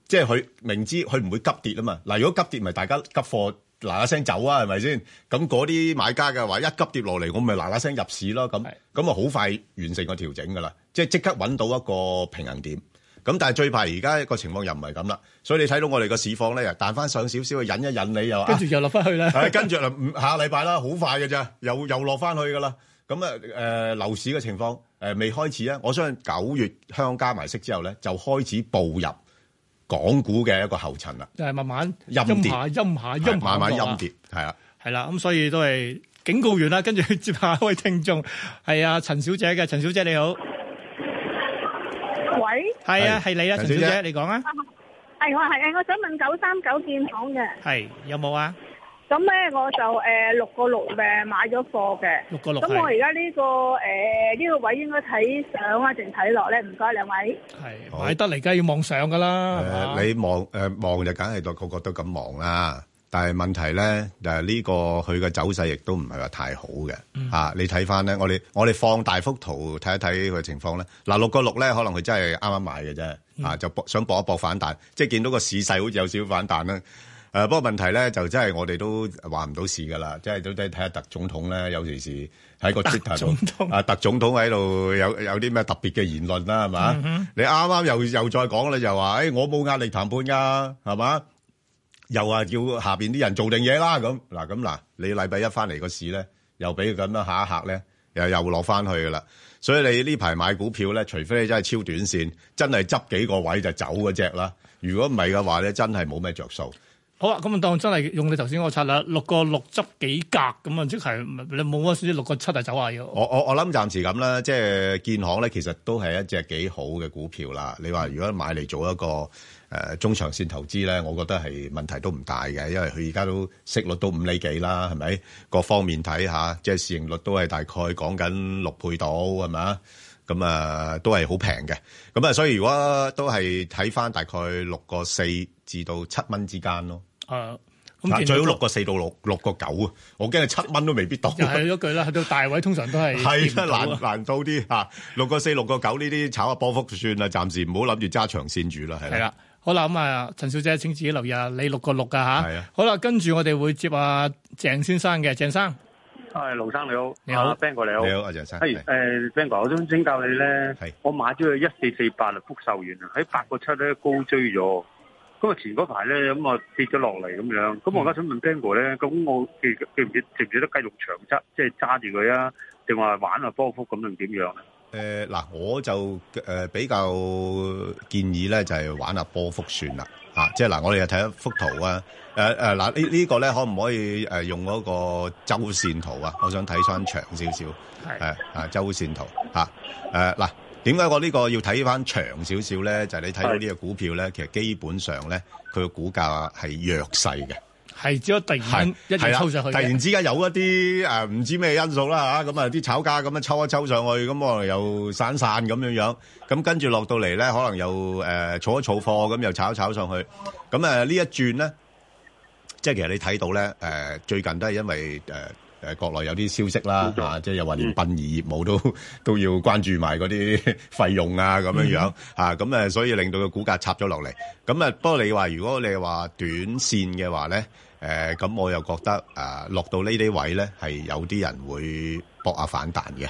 即係佢明知佢唔會急跌啊嘛。嗱，如果急跌，咪、就是、大家急貨嗱嗱聲走啊，係咪先？咁嗰啲買家嘅話，一急跌落嚟，我咪嗱嗱聲入市咯。咁咁啊，好快完成個調整噶啦，即係即刻揾到一個平衡點。咁但係最怕而家個情況又唔係咁啦，所以你睇到我哋個市況咧，彈翻上少少，去忍一忍你又話跟住又落翻去啦。誒、啊，跟住就下個禮拜啦，好快㗎咋，又又落翻去噶啦。咁啊，誒樓市嘅情況誒未開始啊，我相信九月香港加埋息之後咧，就開始步入港股嘅一個後塵啦，就係慢慢陰跌，陰下陰下，慢慢陰跌，係啊，係啦，咁所以都係警告完啦，跟住接下一位聽眾，係啊，陳小姐嘅，陳小姐你好，喂，係啊，係你啊，陳小姐，你講啊，係我係，我想問九三九建行嘅，係有冇啊？咁咧我就誒六個六誒買咗貨嘅，六個六。咁我而家呢個誒呢個位應該睇上啊定睇落咧？唔該兩位。係買得嚟，梗係要望上噶啦。誒你望誒望就梗係個個都咁望啦。但係問題咧誒呢個佢嘅走勢亦都唔係話太好嘅嚇。你睇翻咧，我哋我哋放大幅圖睇一睇佢情況咧。嗱六個六咧，可能佢真係啱啱買嘅啫嚇，就搏想搏一搏反彈，即係見到個市勢好似有少少反彈啦。誒、呃，不過問題咧就真係我哋都話唔到事噶啦，即係都都睇下特總統咧，有時係喺個 Twitter 啊。特總統喺度有有啲咩特別嘅言論啦，係嘛？嗯、哼你啱啱又又再講啦，就話誒、欸、我冇壓力談判噶，係嘛？又話叫下邊啲人做定嘢啦。咁嗱咁嗱，你禮拜一翻嚟個市咧，又俾咁樣啦，下一刻咧又又落翻去噶啦。所以你呢排買股票咧，除非你真係超短線，真係執幾個位就走嗰隻啦。如果唔係嘅話咧，真係冇咩着數。好啊！咁啊，當真係用你頭先個策略，六個六執幾格咁啊，即係你冇乜算六個七啊，走下要。我我我諗暫時咁啦，即係建行咧，其實都係一隻幾好嘅股票啦。你話如果買嚟做一個誒、呃、中長線投資咧，我覺得係問題都唔大嘅，因為佢而家都息率都五厘幾啦，係咪？各方面睇下，即係市盈率都係大概講緊六倍到，係咪啊？咁啊、呃，都係好平嘅。咁啊，所以如果都係睇翻大概六個四至到七蚊之間咯。誒，嗱，最好六個四到六，六個九啊！我驚係七蚊都未必到。又係嗰句啦，去到大位通常都係係，難難到啲吓，六個四、六個九呢啲炒下波幅就算啦，暫時唔好諗住揸長線住啦，係啦。係啦，好啦，咁啊，陳小姐，請自己留意啊，你六個六噶吓。係啊，好啦，跟住我哋會接啊鄭先生嘅，鄭生，係，盧生你好，你好，Ben 哥你好，你好阿鄭生，係誒 Ben 哥，我想請教你咧，我買咗佢一四四八啊，福壽園啊，喺八個七咧高追咗。咁前嗰排咧咁啊跌咗落嚟咁樣，咁、嗯、我而家想問 Bang 哥咧，咁我結唔結，值唔值得繼續長揸，即係揸住佢啊？定話玩下波幅咁定點樣？嗱、呃，我就誒比較建議咧，就係玩下、啊、波幅算啦嚇、啊。即係嗱、呃，我哋又睇一幅圖啊。誒誒嗱，啊這個、呢呢個咧可唔可以用嗰個周線圖啊？我想睇翻長少少、啊啊。周線圖啊，週線圖嗱。啊點解我呢個要睇翻長少少咧？就係、你睇到呢個股票咧，其實基本上咧，佢個股價係弱勢嘅，係只可突然是一直抽上去、啊。突然之間有一啲誒唔知咩因素啦吓，咁啊啲炒家咁樣抽一抽上去，咁可能又散散咁樣樣，咁跟住落到嚟咧，可能又誒儲、呃、一儲貨，咁又炒一炒上去，咁誒、啊、呢一轉咧，即係其實你睇到咧，誒、啊、最近都係因為誒。啊誒國內有啲消息啦嚇、嗯啊，即係又話連殯儀業務都都要關注埋嗰啲費用啊咁樣樣嚇，咁、嗯啊、所以令到個股價插咗落嚟。咁誒不過你話如果你話短線嘅話咧，誒、啊、咁我又覺得誒、啊、落到呢啲位咧係有啲人會搏下反彈嘅、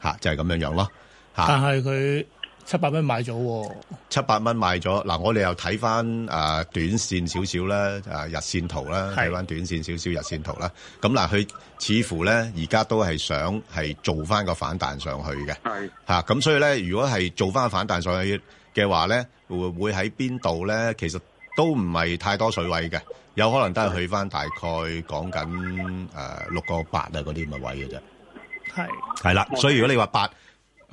啊、就係咁樣樣咯、啊、但係佢。七百蚊買咗、哦，七百蚊買咗嗱、啊，我哋又睇翻啊短線少少啦，啊日線圖啦，睇翻是短線少少日線圖啦。咁、啊、嗱，佢、啊、似乎咧而家都係想係做翻個反彈上去嘅。係吓是，咁、啊，所以咧，如果係做翻個反彈上去嘅話咧，會會喺邊度咧？其實都唔係太多水位嘅，有可能都係去翻大概講緊誒六個八啊嗰啲咁嘅位嘅啫。係係啦，所以如果你話八。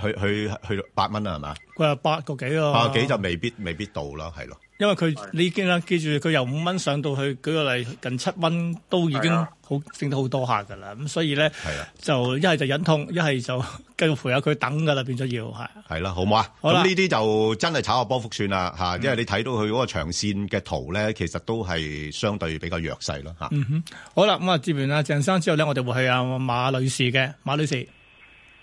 去去去到八蚊啦，係嘛？佢話八個幾咯？八個幾就未必未必到啦，係咯。因為佢的你記啦，記住佢由五蚊上到去，舉個例近七蚊都已經好升得好多下噶啦。咁所以咧的就一係就忍痛，一係就繼續陪下佢等噶啦，變咗要係。係啦，好唔好啊？我諗呢啲就真係炒下波幅算啦，嚇！嗯、因為你睇到佢嗰個長線嘅圖咧，其實都係相對比較弱勢咯，嚇、嗯。好啦，咁啊接完阿鄭生之後咧，我哋會去阿馬女士嘅。馬女士，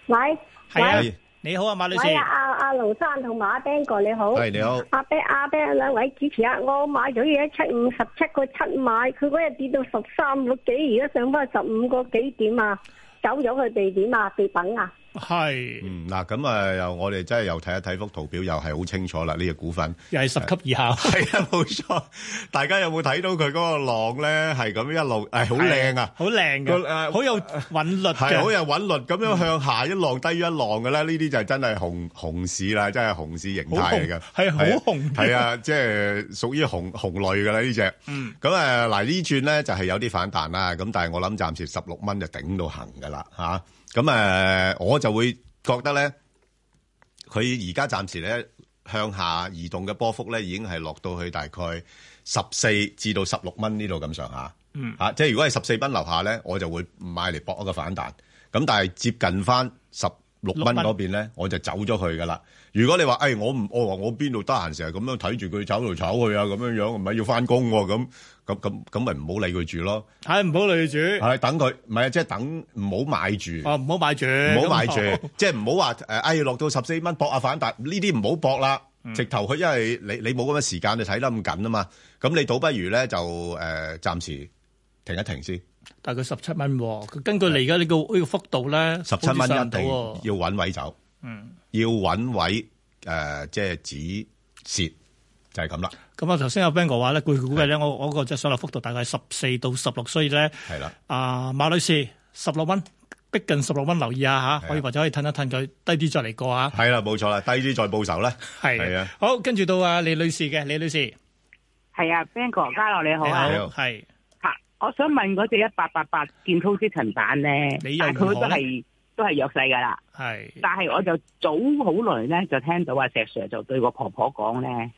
喂 Why? Why? 的，係啊。你好啊，馬女士。係啊，生和阿阿盧生同 Ben 哥你好。係你好。阿伯阿伯兩位主持啊，我買咗嘢，一七五十七個七買，佢嗰日跌到十三個幾，而家上翻十五個幾點啊？走咗去地點啊？地品啊？係是、嗯，嗯嗱，咁啊，呃、我又我哋真係又睇一睇幅圖表，又係好清楚啦。呢個股份又係十級以下，係啊，冇錯。大家有冇睇到佢嗰個浪咧？係咁一路，誒、哎，好靚啊，好靚嘅，誒，好、呃、有韻律係好有韻律，咁樣向下一浪低於一浪嘅咧。呢啲就係真係熊、嗯、熊市啦，真係熊市形態嚟嘅，係好紅，係啊，即係屬於紅紅類噶啦呢隻。嗯，咁啊嗱，呢轉咧就係有啲反彈啦。咁但係我諗暫時十六蚊就頂到行噶啦，吓。咁誒，我就會覺得咧，佢而家暫時咧向下移動嘅波幅咧，已經係落到去大概十四至到十六蚊呢度咁上下。嗯，嚇，即係如果係十四蚊樓下咧，我就會買嚟搏一個反彈。咁但係接近翻十呢六蚊嗰邊咧，我就走咗去噶啦。如果你話，誒、哎，我唔，我話我邊度得閒，成日咁樣睇住佢炒嚟炒去啊，咁樣樣，唔係要翻工喎，咁咁咁咁咪唔好理佢住咯。睇唔好理住，係等佢，唔係啊，即、就、係、是、等唔好買住。哦，唔好買住，唔好買住，即係唔好話誒，哎，落到十四蚊搏下反彈，呢啲唔好搏啦，薄嗯、直頭佢因為你你冇咁嘅時間，你睇得咁緊啊嘛，咁你倒不如咧就誒、呃、暫時停一停先。大概十七蚊，根據嚟，而家呢個呢個幅度咧，十七蚊一定要穩位走，嗯，要穩位誒，即、呃、係、就是、止蝕就係咁啦。咁啊，頭先阿 Bang 哥話咧，據佢估計咧，我我個即係上落幅度大概十四到十六，所以咧係啦。阿馬女士16，十六蚊，逼近十六蚊，留意一下。吓的，以可以或者可以褪一褪佢，低啲再嚟過啊。係啦，冇錯啦，低啲再報仇咧。係啊的，的好，跟住到阿李女士嘅，李女士係啊，Bang 哥，嘉樂你好，你好 Hello, Hey o.，係。我想問嗰隻一八八八建滔積層板咧，你是但係佢都係都係弱勢㗎啦。係是，但係我就早好耐咧就聽到阿石 Sir 就對個婆婆講咧，誒、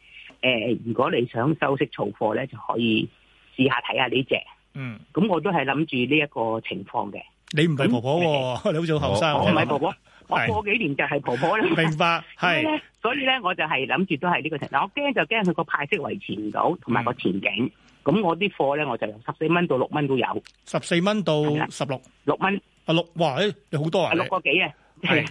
呃，如果你想收息儲貨咧，就可以試一下睇下呢、這、隻、個。嗯，咁我都係諗住呢一個情況嘅。你唔係婆婆喎、啊，嗯、你好似好後生。唔係婆婆，是我過幾年就係婆婆啦。是 明白，係。所以咧，我就係諗住都係呢個情況。嗱，嗯、我驚就驚佢個派息維持唔到，同埋個前景。咁我啲貨咧，我就由十四蚊到六蚊都有，十四蚊到十六，六蚊啊六，哇，誒，有好多啊，六個幾啊，係啊，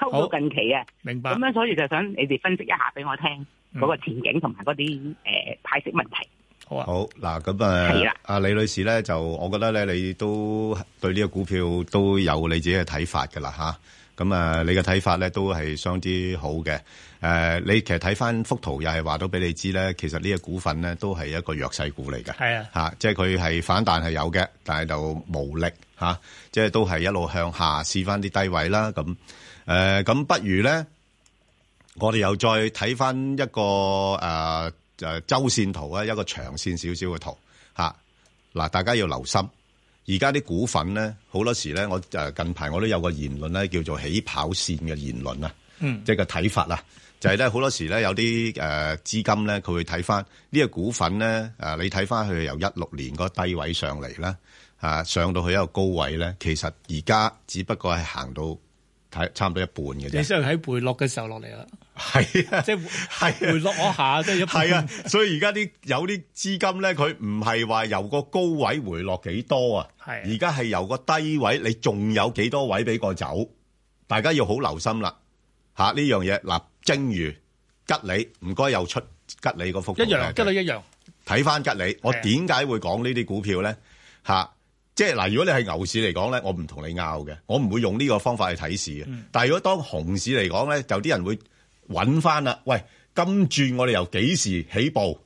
溝的好近期啊，明白。咁樣所以就想你哋分析一下俾我聽嗰、嗯、個前景同埋嗰啲誒派息問題。好啊，好嗱，咁啊，阿、呃、的李女士咧就，我覺得咧你都對呢個股票都有你自己嘅睇法噶啦吓。咁啊，你嘅睇法咧都係相當之好嘅。誒、呃，你其實睇翻幅圖又係話到俾你知咧，其實呢個股份咧都係一個弱勢股嚟嘅。係啊，吓，即係佢係反彈係有嘅，但係就無力、吓、即係都係一路向下試翻啲低位啦。咁、啊、誒，咁、啊、不如咧，我哋又再睇翻一個誒就、啊啊、週線圖啊，一個長線少少嘅圖嗱、吓，大家要留心。而家啲股份咧，好多時咧，我誒近排我都有個言論咧，叫做起跑線嘅言論啦，嗯、即係個睇法啦，就係咧好多時咧有啲誒資金咧，佢會睇翻呢個股份咧，誒你睇翻佢由一六年個低位上嚟啦，啊上到去一個高位咧，其實而家只不過係行到。係差唔多一半嘅啫，你需要喺回落嘅時候落嚟啦。係啊，即係回落我下，即係係啊。所以而家啲有啲資金咧，佢唔係話由個高位回落幾多啊？係而家係由個低位，你仲有幾多位俾我走？大家要好留心啦。吓呢樣嘢嗱，正如吉利唔該又出吉利嗰幅一樣，吉利一樣。睇翻吉利，我點解會講呢啲股票咧？吓？即係嗱，如果你係牛市嚟講咧，我唔同你拗嘅，我唔會用呢個方法去睇市嘅。嗯、但係如果當熊市嚟講咧，就啲人會揾翻啦。喂，跟住我哋由幾時起步？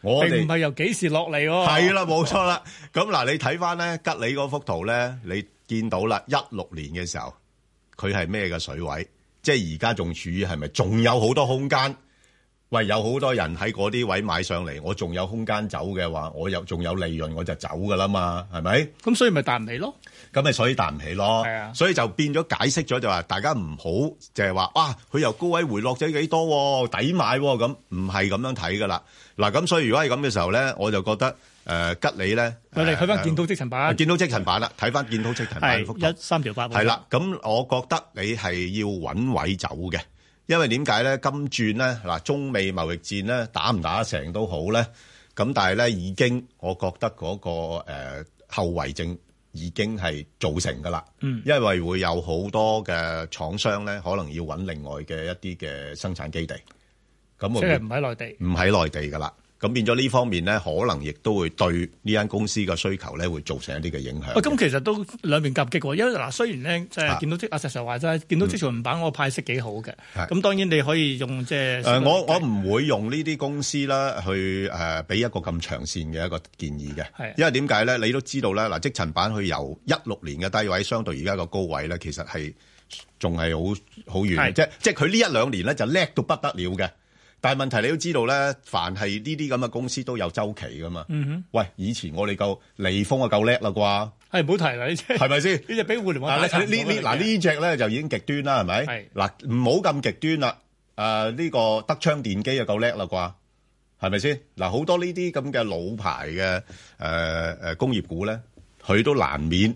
我哋唔係由幾時落嚟喎。係啦，冇錯啦。咁嗱哇，你睇翻咧吉利嗰幅圖咧，你見到啦，一六年嘅時候佢係咩嘅水位？即係而家仲處於係咪仲有好多空間？喂，有好多人喺嗰啲位買上嚟，我仲有空間走嘅話，我有仲有利潤，我就走噶啦嘛，係咪？咁所以咪彈唔起咯？咁咪所以彈唔起咯？係啊，所以就變咗解釋咗，就話大家唔好就係話哇，佢、啊、由高位回落咗幾多、啊，抵買咁、啊，唔係咁樣睇噶啦。嗱、啊，咁所以如果係咁嘅時候咧，我就覺得誒、呃、吉你咧，我哋睇翻見到積層板，見到積層板啦，睇翻見到積層板幅一三條八，係啦，咁我覺得你係要揾位走嘅。因為點解咧？金轉咧，嗱，中美貿易戰咧，打唔打得成都好咧，咁但係咧已經，我覺得嗰、嗰個誒、呃、後遺症已經係造成噶啦。嗯，因為會有好多嘅廠商咧，可能要揾另外嘅一啲嘅生產基地。咁我即係唔喺內地，唔喺內地噶啦。咁變咗呢方面咧，可能亦都會對呢間公司嘅需求咧，會造成一啲嘅影響。啊，咁其實都兩面夾擊喎。因為嗱，雖然咧，即、就、係、是啊、見到即阿石 Sir 話齋，見到積層板嗰個、嗯、派息幾好嘅。咁的當然你可以用即係、就是啊、我我唔會用呢啲公司啦，去誒俾、啊、一個咁長線嘅一個建議嘅。的因為點解咧？你都知道咧，嗱，積層板佢由一六年嘅低位，相對而家個高位咧，其實係仲係好好遠的即係佢呢一兩年咧，就叻到不得了嘅。但係問題你都知道咧，凡係呢啲咁嘅公司都有周期噶嘛。Uh huh. 喂，以前我哋夠利豐啊夠叻啦啩。係唔好提啦呢隻，係咪先？呢隻俾互聯網呢呢嗱呢隻咧就已經極端啦，係咪？嗱唔好咁極端啦、啊。誒、啊、呢個德昌電機啊夠叻啦啩，係咪先？嗱好多呢啲咁嘅老牌嘅誒、呃、工業股咧，佢都難免。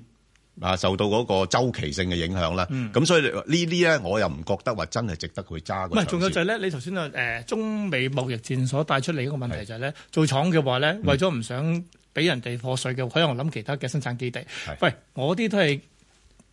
啊，受到嗰個周期性嘅影響啦，咁、嗯、所以呢啲咧，我又唔覺得話真係值得去揸。唔係，仲有就係咧，你頭先話中美貿易戰所帶出嚟一個問題就係咧，嗯、做廠嘅話咧，為咗唔想俾人哋課稅嘅，可能、嗯、我諗其他嘅生產基地，是喂，我啲都係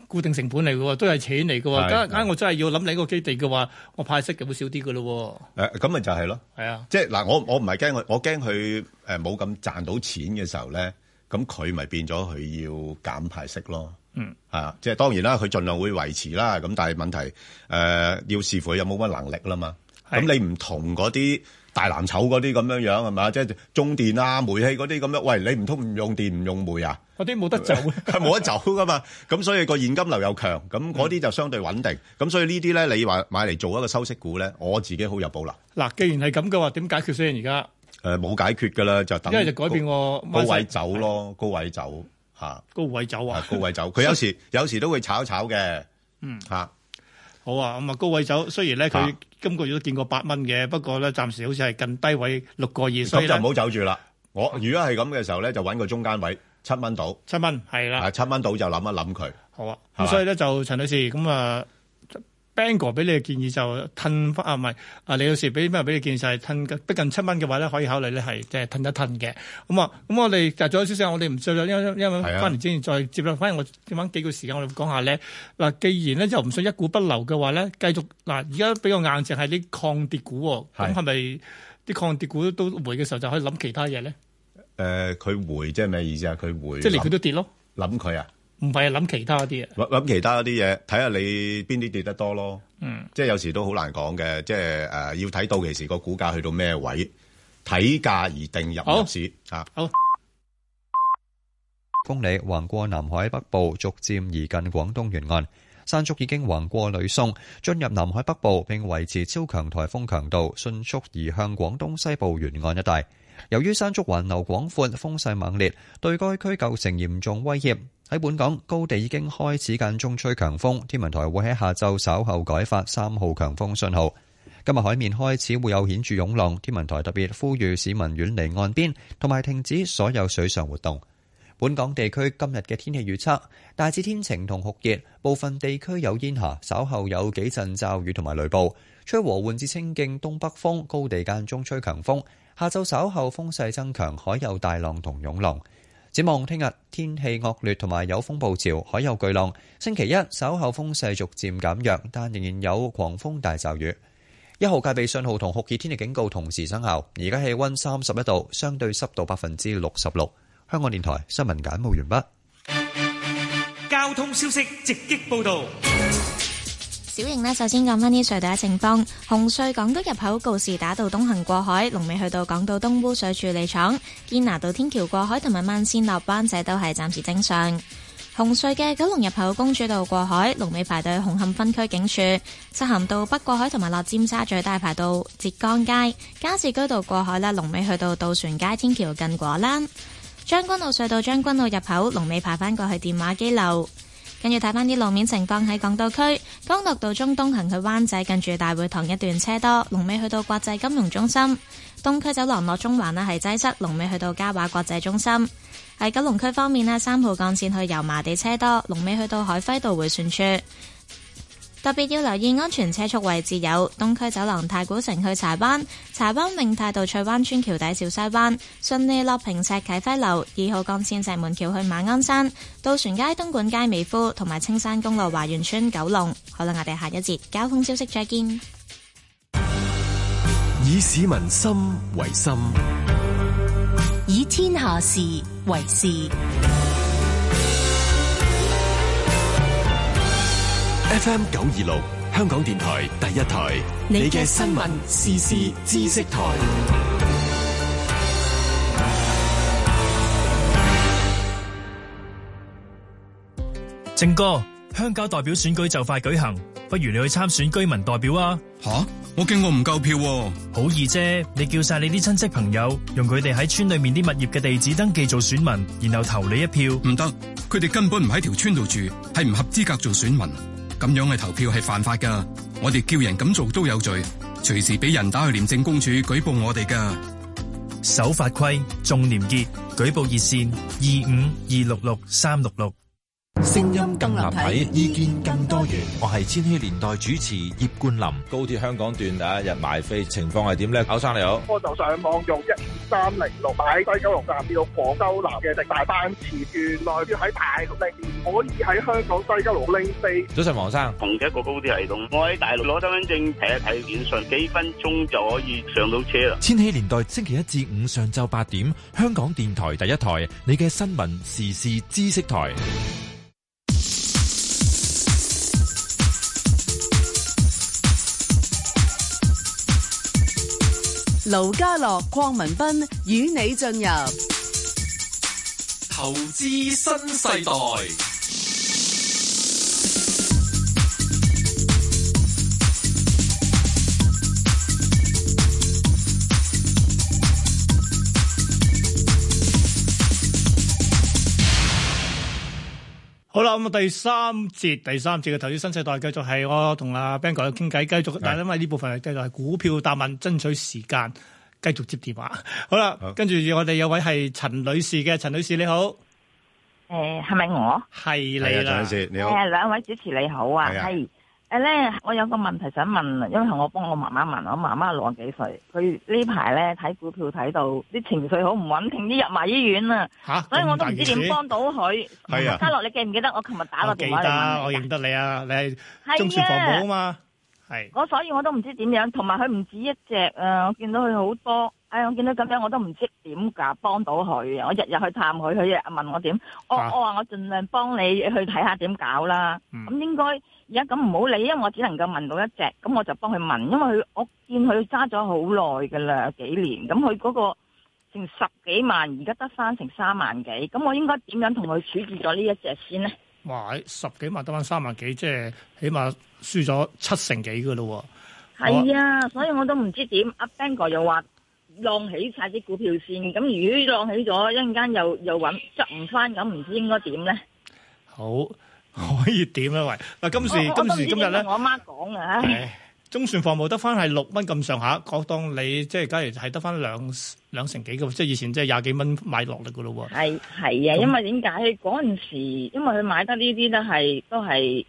固定成本嚟嘅喎，都係錢嚟嘅喎，緊唔緊是我真係要諗你個個基地嘅話，我派息嘅會少啲嘅咯喎。誒，咁咪就係咯，係啊，啊即係嗱，我我唔係驚佢，我驚佢誒冇咁賺到錢嘅時候咧。咁佢咪變咗佢要減派息咯，嗯，啊，即係當然啦，佢盡量會維持啦，咁但係問題，誒、呃，要視乎佢有冇乜能力啦嘛。咁是你唔同嗰啲大藍籌嗰啲咁樣樣係嘛，即係中電啊、煤氣嗰啲咁樣，喂，你唔通唔用電唔用煤啊？嗰啲冇得走、啊，冇 得走噶嘛。咁 所以個現金流又強，咁嗰啲就相對穩定。咁、嗯、所以呢啲咧，你話買嚟做一個收息股咧，我自己好有保留。嗱，既然係咁嘅話，點解決先而家？誒，冇解決噶啦，就等。因為就改變我高位走咯，高位走嚇。高位走啊！高位走，佢有時有時都會炒一炒嘅。嗯嚇，好啊，咁啊，高位走，雖然咧佢今個月都見過八蚊嘅，不過咧暫時好似係近低位六個二，咁就唔好走住啦。我如果係咁嘅時候咧，就揾個中間位七蚊到。七蚊係啦。七蚊到就諗一諗佢。好啊，咁所以咧就陳女士咁啊。Banker 俾你嘅建議就褪翻啊，唔係啊，李老師俾咩俾你建議就，褪逼近七蚊嘅話咧，可以考慮咧係即係褪一褪嘅。咁、嗯、啊，咁我哋就咗少少，我哋唔需要因因因為翻嚟之前再接啦。反正我揾幾個時間，我哋講下咧。嗱，既然咧就唔信一股不留嘅話咧，繼續嗱，而、啊、家比較硬淨係啲抗跌股，哦，咁係咪啲抗跌股都回嘅時候就可以諗其他嘢咧？誒、呃，佢回即係咩意思啊？佢回即係連佢都跌咯，諗佢啊？唔係諗其他啲啊，諗其他啲嘢，睇下你邊啲跌得多咯。嗯，即係有時都好難講嘅，即係誒、呃，要睇到期時個股價去到咩位，睇價而定入，入市好好啊。風力橫過南海北部，逐漸移近廣東沿岸。山竹已經橫過呂宋，進入南海北部，並維持超強台風強度，迅速移向廣東西部沿岸一帶。由於山竹環流廣闊，風勢猛烈，對該區構成嚴重威脅。喺本港高地已經開始間中吹強風，天文台會喺下晝稍後改發三號強風信號。今日海面開始會有顯著湧浪，天文台特別呼籲市民遠離岸邊，同埋停止所有水上活動。本港地區今日嘅天氣預測大致天晴同酷熱，部分地區有煙霞，稍後有幾陣驟雨同埋雷暴，吹和緩至清勁東北風，高地間中吹強風，下晝稍後風勢增強，海有大浪同湧浪。展望聽日，天氣惡劣同埋有風暴潮，海有巨浪。星期一，稍後風勢逐漸減弱，但仍然有狂風大驟雨。一號戒備信號同酷熱天氣警告同時生效。而家氣温三十一度，相對濕度百分之六十六。香港電台新聞簡報完畢。交通消息直擊報導。小型呢，首先講翻啲隧道嘅情況。洪隧港都入口告示打道東行過海，龍尾去到港島東污水處理廠建拿道天橋過海同埋慢線落班，仔都係暫時正常。洪隧嘅九龍入口公主道過海，龍尾排隊紅磡分區警署，西行到北過海同埋落尖沙咀，最大排到浙江街。加士居道過海啦，龍尾去到渡船街天橋近果欄。將軍澳隧道將軍澳入口，龍尾排翻過去電話機樓。跟住睇翻啲路面情況喺港島區，江樂道中東行去灣仔，近住大會堂一段車多，龍尾去到國際金融中心；東區走廊樂中環啦係擠塞，龍尾去到嘉華國際中心。喺九龍區方面啦，三號幹線去油麻地車多，龍尾去到海輝道回旋處。特別要留意安全車速位置有：東區走廊太古城去柴灣、柴灣永泰道翠灣村橋底、小西灣、順利落平石啟輝樓、二號幹線石門橋去馬鞍山、渡船街東莞街美孚同埋青山公路華園村九龍。好啦，我哋下一節交通消息再見。以市民心為心，以天下事為事。FM 九二六，香港電台第一台，你嘅新聞時事知識台。正哥，鄉郊代表選舉就快舉行，不如你去參選居民代表我我啊？吓，我驚我唔夠票。好易啫，你叫晒你啲親戚朋友，用佢哋喺村裏面啲物業嘅地址登記做選民，然後投你一票。唔得，佢哋根本唔喺條村度住，係唔合資格做選民。咁樣嘅投票係犯法噶，我哋叫人咁做都有罪，隨時俾人打去廉政公署舉報我哋噶。守法規，重廉潔，舉報熱線6 6：二五二六六三六六。聲音更立體，意見更多元。我係千禧年代主持葉冠林。高鐵香港段第一日買飛情況係點呢？歐生你好，我就上網上用一二三零六買低九龍站到廣州南嘅直達班次，段來要喺大陸，可以喺香港西九龍拎飛。早晨，黃生，同一個高鐵系統，我喺大陸攞身份證睇一睇，線上幾分鐘就可以上到車啦。千禧年代星期一至五上晝八點，香港電台第一台，你嘅新聞時事知識台。盧家樂、鄺民彬與你進入投資新世代。好啦，咁啊，第三節第三節嘅投資新世代繼續係我同阿 Ben 講傾偈，繼續，的但係因為呢部分係繼續係股票答問，爭取時間，繼續接電話。好啦，跟住好我哋有位係陳女士嘅，陳女士你好，誒係咪我？係你啦，陳女士你好，係，兩位主持你好啊，係。係咧，我有個問題想問，因為我幫我媽媽問，我媽媽六幾歲？佢呢排咧睇股票睇到啲情緒好唔穩定，啲入埋醫院啦。吓，咁神奇！所以我都唔知點幫到佢。係啊，家樂，你記唔記得我琴日打個電話嚟問？我記得，我認得你啊，你係中前服務啊嘛。係。我所以我都唔知點樣，同埋佢唔止一隻啊，我見到佢好多。哎呀，我見到咁樣我都唔知點噶，幫到佢。我日日去探佢，佢日日問我點。我我話我盡量幫你去睇下點搞啦。咁應該。而家咁唔好理，因為我只能夠問到一隻，咁我就幫佢問，因為佢我見佢揸咗好耐噶啦，幾年，咁佢嗰個成十幾萬，而家得翻成三萬幾，咁我應該點樣同佢處置咗呢一隻先咧？哇，十幾萬得翻三萬幾，即係起碼輸咗七成幾噶咯？係啊，所以我都唔知點。阿 Ben 哥又話晾起晒啲股票先，咁如果晾起咗，一陣間又又揾，執唔翻咁，唔知應該點咧？好。可以點啦，喂！嗱，今時今時今日咧，我阿媽講㗎，中船防務得翻係六蚊咁上下，講當你即係假如係得翻兩兩成幾㗎喎，即係以前即係廿幾蚊買落嚟㗎咯喎。係係啊，那因為點解嗰陣時，因為佢買得呢啲都係都係。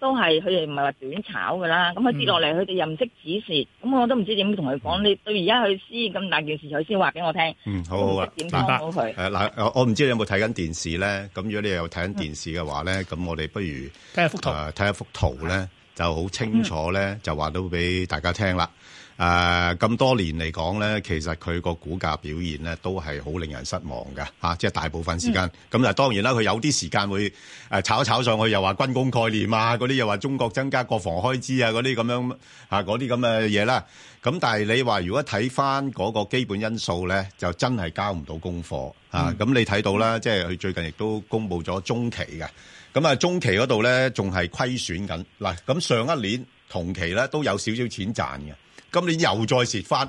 都係佢哋唔係話短炒噶啦咁佢跌落嚟，佢哋又唔識指示，咁我都唔知點同佢講。你到而家去先咁大件事，佢先話俾我聽。嗯，好好啊。嗱，我唔知你有冇睇緊電視咧？咁如果你又有睇緊電視嘅話咧，咁我哋不如睇一幅圖。睇一幅圖咧就好清楚咧，就話到俾大家聽啦。誒咁、啊、多年嚟講咧，其實佢個股價表現咧都係好令人失望㗎。嚇、啊，即、就、係、是、大部分時間咁啊。嗯、當然啦，佢有啲時間會誒炒一炒上去，又話軍工概念啊，嗰啲又話中國增加國防開支啊，嗰啲咁樣啊，嗰啲咁嘅嘢啦。咁、啊、但係你話如果睇翻嗰個基本因素咧，就真係交唔到功課啊。咁、嗯啊、你睇到啦，即係佢最近亦都公布咗中期嘅咁啊，中期嗰度咧仲係虧損緊嗱。咁、啊、上一年同期咧都有少少錢賺嘅。今年又再蝕翻，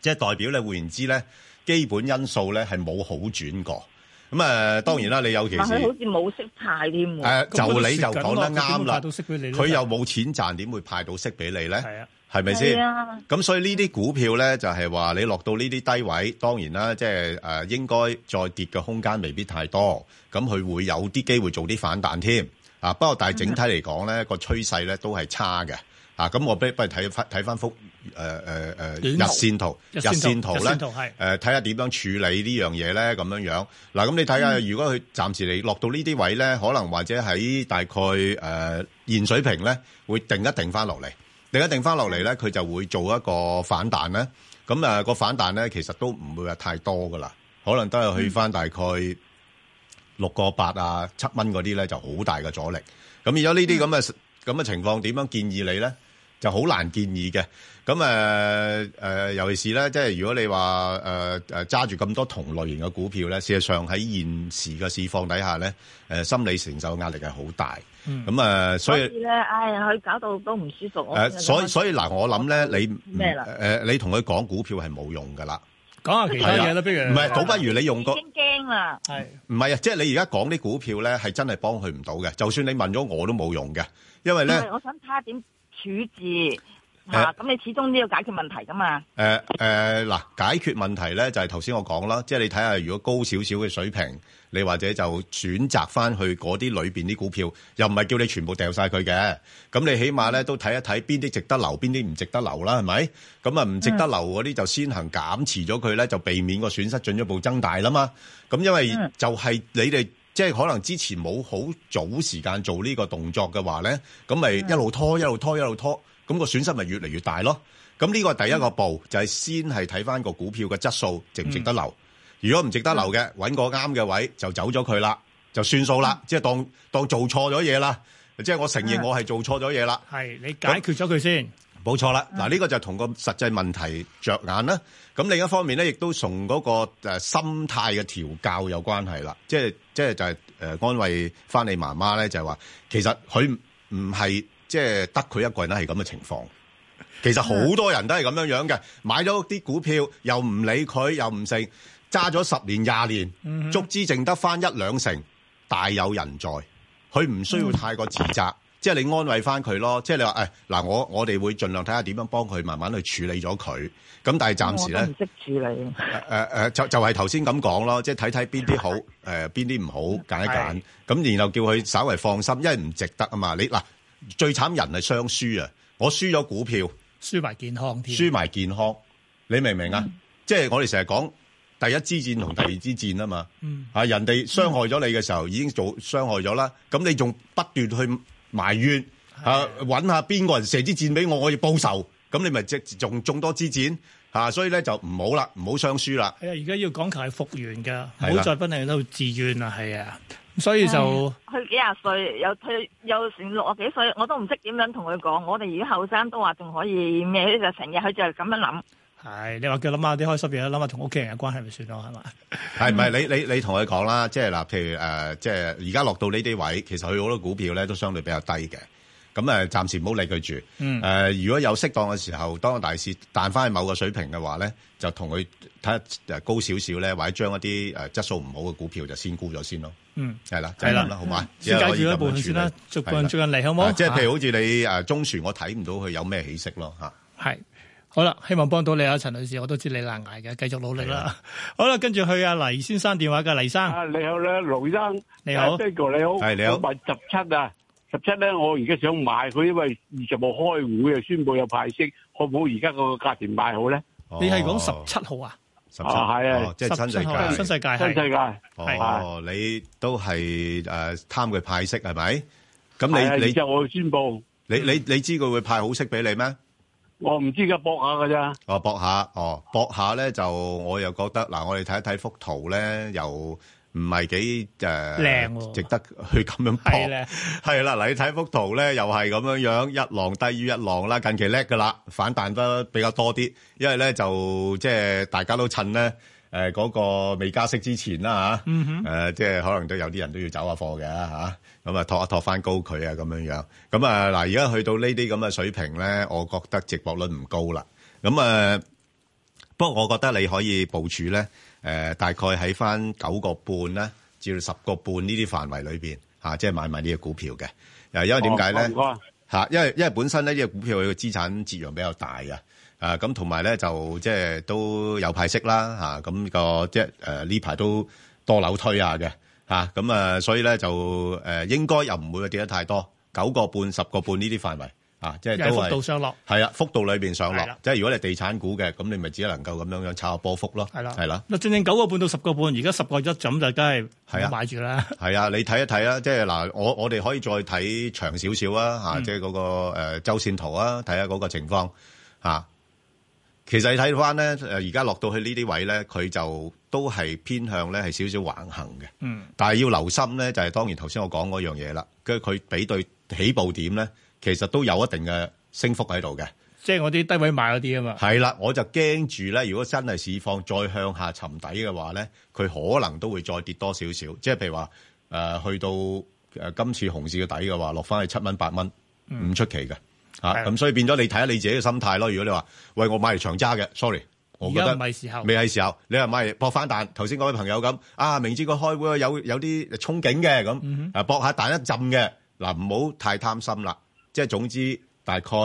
即係代表你換言之咧，基本因素咧係冇好轉過。咁、呃、誒，當然、啊、啦，你有其實好似冇息派添誒，就你就講得啱啦。佢又冇錢賺，點會派到息俾你咧？係啊，係咪先吧？咁、啊、所以呢啲股票咧，就係、是、話你落到呢啲低位，當然啦，即係誒應該再跌嘅空間未必太多。咁佢會有啲機會做啲反彈添啊！不過，但係整體嚟講咧，個、嗯、趨勢咧都係差嘅。嗱，咁我不如不如睇翻睇翻幅，誒誒誒日線圖，日線圖咧，誒睇下點樣處理呢樣嘢咧，咁樣樣嗱，咁你睇下，嗯、如果佢暫時嚟落到呢啲位咧，可能或者喺大概誒、呃、現水平咧，會定一定翻落嚟，定一定翻落嚟咧，佢就會做一個反彈咧，咁誒個反彈咧，其實都唔會話太多噶啦，可能都係去翻大概六個八啊七蚊嗰啲咧，就好大嘅阻力。咁、嗯、而家呢啲咁嘅咁嘅情況，點樣建議你咧？就好難建議嘅，咁誒誒，尤其是咧，即係如果你話誒誒揸住咁多同類型嘅股票咧，事實上喺現時嘅市況底下咧，誒心理承受壓力係好大，咁啊、嗯嗯，所以咧，唉，佢搞到都唔舒服。呃，所以所以嗱，我諗咧，呃，你咩啦？你同佢講股票係冇用噶啦，講下其他嘢啦，不如唔係，倒不如你用個驚驚啦，係唔係啊？即係你而家講啲股票咧，係真係幫佢唔到嘅，就算你問咗我都冇用嘅，因為咧，我想睇下點處置，咁你始終都要解決問題噶嘛？誒誒、呃，嗱、呃，解決問題咧就係頭先我講啦，即係你睇下如果高少少嘅水平，你或者就選擇翻去嗰啲裏邊啲股票，又唔係叫你全部掉晒佢嘅，咁你起碼咧都睇一睇邊啲值得留，邊啲唔值得留啦，係咪？咁啊，唔值得留嗰啲就先行減持咗佢咧，就避免個損失進一步增大啦嘛。咁因為就係你哋。嗯即係可能之前冇好早時間做呢個動作嘅話咧，咁咪一路拖一路拖一路拖，咁、個損失咪越嚟越大咯。咁呢個第一個步，嗯、就係先係睇翻個股票嘅質素值唔值得留。嗯、如果唔值得留嘅，搵、嗯、個啱嘅位就走咗佢啦，就算數啦。嗯、即係當當做錯咗嘢啦，嗯、即係我承認我係做錯咗嘢啦。係、嗯、那你解決咗佢先。冇錯啦，嗱呢、嗯、個就同個實際問題着眼啦。咁另一方面咧，亦都從嗰、那個、呃、心態嘅調教有關係啦。即係即係就係、是呃、安慰翻你媽媽咧，就係、是、話其實佢唔係即係得佢一個人咧係咁嘅情況。其實好多人都係咁樣樣嘅，嗯、買咗啲股票又唔理佢，又唔成，揸咗十年廿年，嗯、哼足之剩得翻一兩成，大有人在。佢唔需要太過自責。嗯即係你安慰翻佢咯，即係你話誒嗱，我我哋會盡量睇下點樣幫佢慢慢去處理咗佢咁。但係暫時咧唔識處理誒誒、呃呃，就就係頭先咁講咯，即係睇睇邊啲好誒，邊啲唔好揀一揀咁，是然後叫佢稍微放心，因為唔值得啊嘛。你嗱最慘人係雙輸啊，我輸咗股票，輸埋健康添，輸埋健康，你明唔明啊？嗯、即係我哋成日講第一支戰同第二支戰啊嘛，啊、嗯、人哋傷害咗你嘅時候已經做傷害咗啦，咁你仲不斷去。埋怨嚇，揾、啊、下邊個人射支箭俾我，我要報仇。咁你咪即仲中多支箭嚇，所以咧就唔好啦，唔好相輸啦。係啊，而家要講求係復原噶，唔好再不停都自怨啊，係啊。所以就佢幾廿歲，有佢有成六十幾歲，我都唔識點樣同佢講。我哋而家後生都話仲可以咩，就成日佢就咁樣諗。係、哎，你話叫諗下啲開心嘢，諗下同屋企人嘅關係咪算咯，係咪？係，唔係你你你同佢講啦，即係嗱，譬如誒，即係而家落到呢啲位，其實佢好多股票咧都相對比較低嘅，咁誒暫時唔好理佢住。嗯誒、呃，如果有適當嘅時候，當當大市彈翻去某個水平嘅話咧，就同佢睇高少少咧，或者將一啲誒質素唔好嘅股票就先沽咗先咯。嗯，係啦，就係咁啦，好嘛？先解住一半先啦，逐近最近嚟好冇？即係譬如好似你誒中船，我睇唔到佢有咩起色咯嚇。係。好啦，希望幫到你啊，陳女士，我都知你難捱嘅，繼續努力啦。好啦，跟住去啊，黎先生電話嘅黎生。你好啦，盧生，你好，邊個你好？係你好。係十七啊，十七咧，我而家想買，佢因為二十號開會啊，宣布有派息，好唔好而家個價錢買好咧？你係講十七號啊？十七係啊，即係新世界，新世界。哦，你都係誒貪佢派息係咪？咁你你之我宣布？你你你知佢會派好息俾你咩？我唔知噶，搏下噶咋？哦，搏下，哦，搏下咧就，我又覺得嗱，我哋睇一睇幅圖咧，又唔係幾誒，靚、呃，值得去咁樣搏。咧的。係 啦，嗱，你睇幅圖咧，又係咁樣樣，一浪低於一浪啦，近期叻噶啦，反彈得比較多啲，因為咧就即係大家都趁咧嗰、呃嗰個未加息之前啦、啊嗯哼呃、即係可能都有啲人都要走下貨嘅咁啊，托一托翻高佢啊，咁樣樣。咁啊，嗱，而家去到呢啲咁嘅水平咧，我覺得值博率唔高啦。咁啊，不過我覺得你可以部署咧，誒，大概喺翻九個半啦，至到十個半呢啲範圍裏面，即係買埋呢個股票嘅。因為點解咧？因為呢、哦、因為本身咧，呢個股票佢嘅資產折讓比較大啊。啊，咁同埋咧就即係都有派息啦。嚇，咁個即係呢排都多樓推下嘅。啊，咁啊，所以咧就誒應該又唔會跌得太多，九個半、十個半呢啲範圍啊，即係都係。係啊，幅度裏面上落，啊、即係如果你地產股嘅，咁你咪只能夠咁樣樣炒下波幅咯。係啦、啊，係啦、啊。嗱，正正九個半到十個半，而家十個一就咁就梗係要買住啦。係啊， 啊，你睇一睇啦，即係嗱、啊，我我哋可以再睇長少少啊，嗯、即係嗰、嗰個、呃、週線圖啊，睇下嗰個情況吓其實你睇翻咧，而家落到去呢啲位咧，佢就都係偏向咧係少少橫行嘅。嗯，但係要留心咧，就係、是、當然頭先我講嗰樣嘢啦。跟住佢比對起步點咧，其實都有一定嘅升幅喺度嘅。即係我啲低位買嗰啲啊嘛。係啦，我就驚住咧，如果真係市況再向下沉底嘅話咧，佢可能都會再跌多少少。即係譬如話、呃，去到今次熊市嘅底嘅話，落翻去七蚊八蚊，唔出、嗯、奇嘅。咁、啊、所以變咗你睇下你自己嘅心態咯。如果你話，喂，我買嚟長揸嘅，sorry，我覺得未係時候，未係時候，你係買嚟搏翻彈。頭先嗰位朋友咁，啊，明知個開會有有啲憧憬嘅，咁、嗯、哼啊，搏下彈一浸嘅，嗱、啊，唔好太貪心啦。即係總之，大概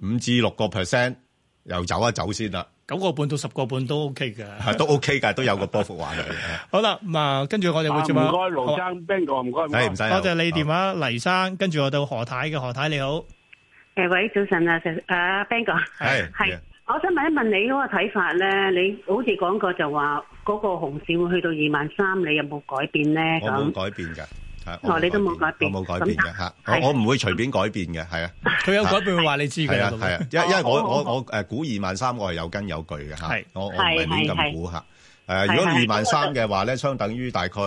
五至六個 percent，又走一走先啦。九個半到十個半都 OK 嘅， 都 OK 㗎，都有個波幅玩嘅。 好啦，啊，跟住我哋會唔該盧生 Ben 哥，唔該好，多謝你電話好黎生，跟住我到何太嘅何太你好。誒、喂，早晨啊，就阿 Ben 哥，係，係，我想問一問你嗰個睇法咧，你好似講過就話嗰個紅線會去到二萬三，你有冇改變咧？我冇改變嘅，哦，你都冇改變，我冇改變嘅吓，我唔會隨便改變嘅，係啊，佢有改變會話你知噶，係啊，因因為我我我誒，估二萬三，我係有根有據嘅吓，係，我我唔係亂咁估吓。誒、呃，如果二萬三嘅話咧，係係嗰個、相等於大概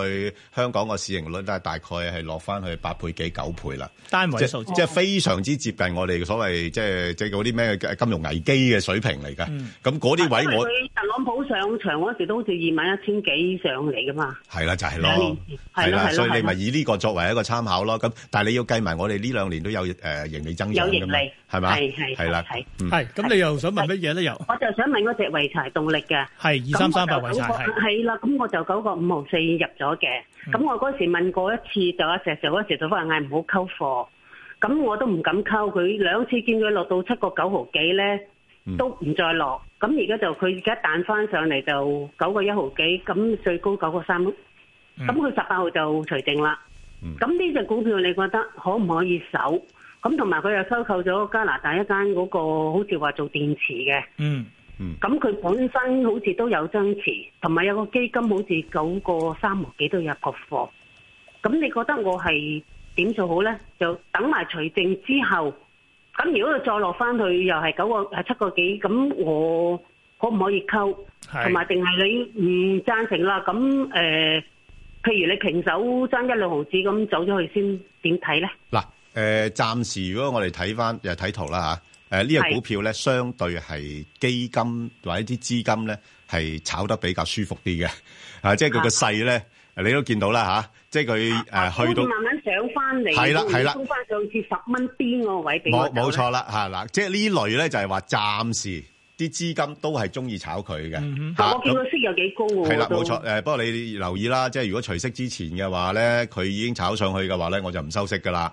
香港個市盈率都大概係落翻去八倍幾九倍啦，單位數字即係、哦、非常之接近我哋所謂即係即係嗰啲咩金融危機嘅水平嚟㗎。咁嗰啲位我特朗普上場嗰時都好似二萬一千幾上嚟噶嘛，係啦就係、係、咯，係啦所以你咪以呢個作為一個參考咯。咁但係你要計埋我哋呢兩年都有誒、呃、盈利增長。有盈利係嘛？係係係啦，係咁你又想問乜嘢咧？又我就想問嗰隻濰柴動力嘅，係二三三八濰柴係。係啦，咁我就九個五毫四入咗嘅。咁我嗰時問過一次，就阿石石嗰時就話，嗌唔好溝貨。咁我都唔敢溝佢。兩次見佢落到七個九毫幾咧，都唔再落。咁而家就佢而家彈翻上嚟就九個一毫幾。咁最高九個三。咁佢十八號就除淨啦。咁呢隻股票你覺得可唔可以守？咁同埋佢又收購咗加拿大一間嗰個好似話做電池嘅，嗯嗯，咁佢本身好似都有增持，同埋有個基金好似九個三毫幾都有個貨。咁你覺得我係點做好呢？就等埋除淨之後，咁如果再落翻去又係九個誒七個幾，咁我可唔可以溝？係同埋定係你唔贊成啦？咁誒，譬如你平手爭一兩毫子咁走咗去先，點睇呢？嗱。誒，暫時如果我哋睇翻又睇圖啦嚇。呢、啊呢個股票咧，相對係基金或者啲資金咧係炒得比較舒服啲嘅、啊、即係佢個勢咧，啊、你都見到啦吓，即係佢誒去到慢慢上翻嚟係啦係啦，翻上至十蚊邊個位俾我冇冇錯啦吓嗱，即係、就係、呢類咧就係、係、話暫時啲資金都係中意炒佢嘅。嗯啊、我見到息有幾高喎、啊，係啦冇錯誒。不過你留意啦，即係如果除息之前嘅話咧，佢已經炒上去嘅話咧，我就唔收息噶啦。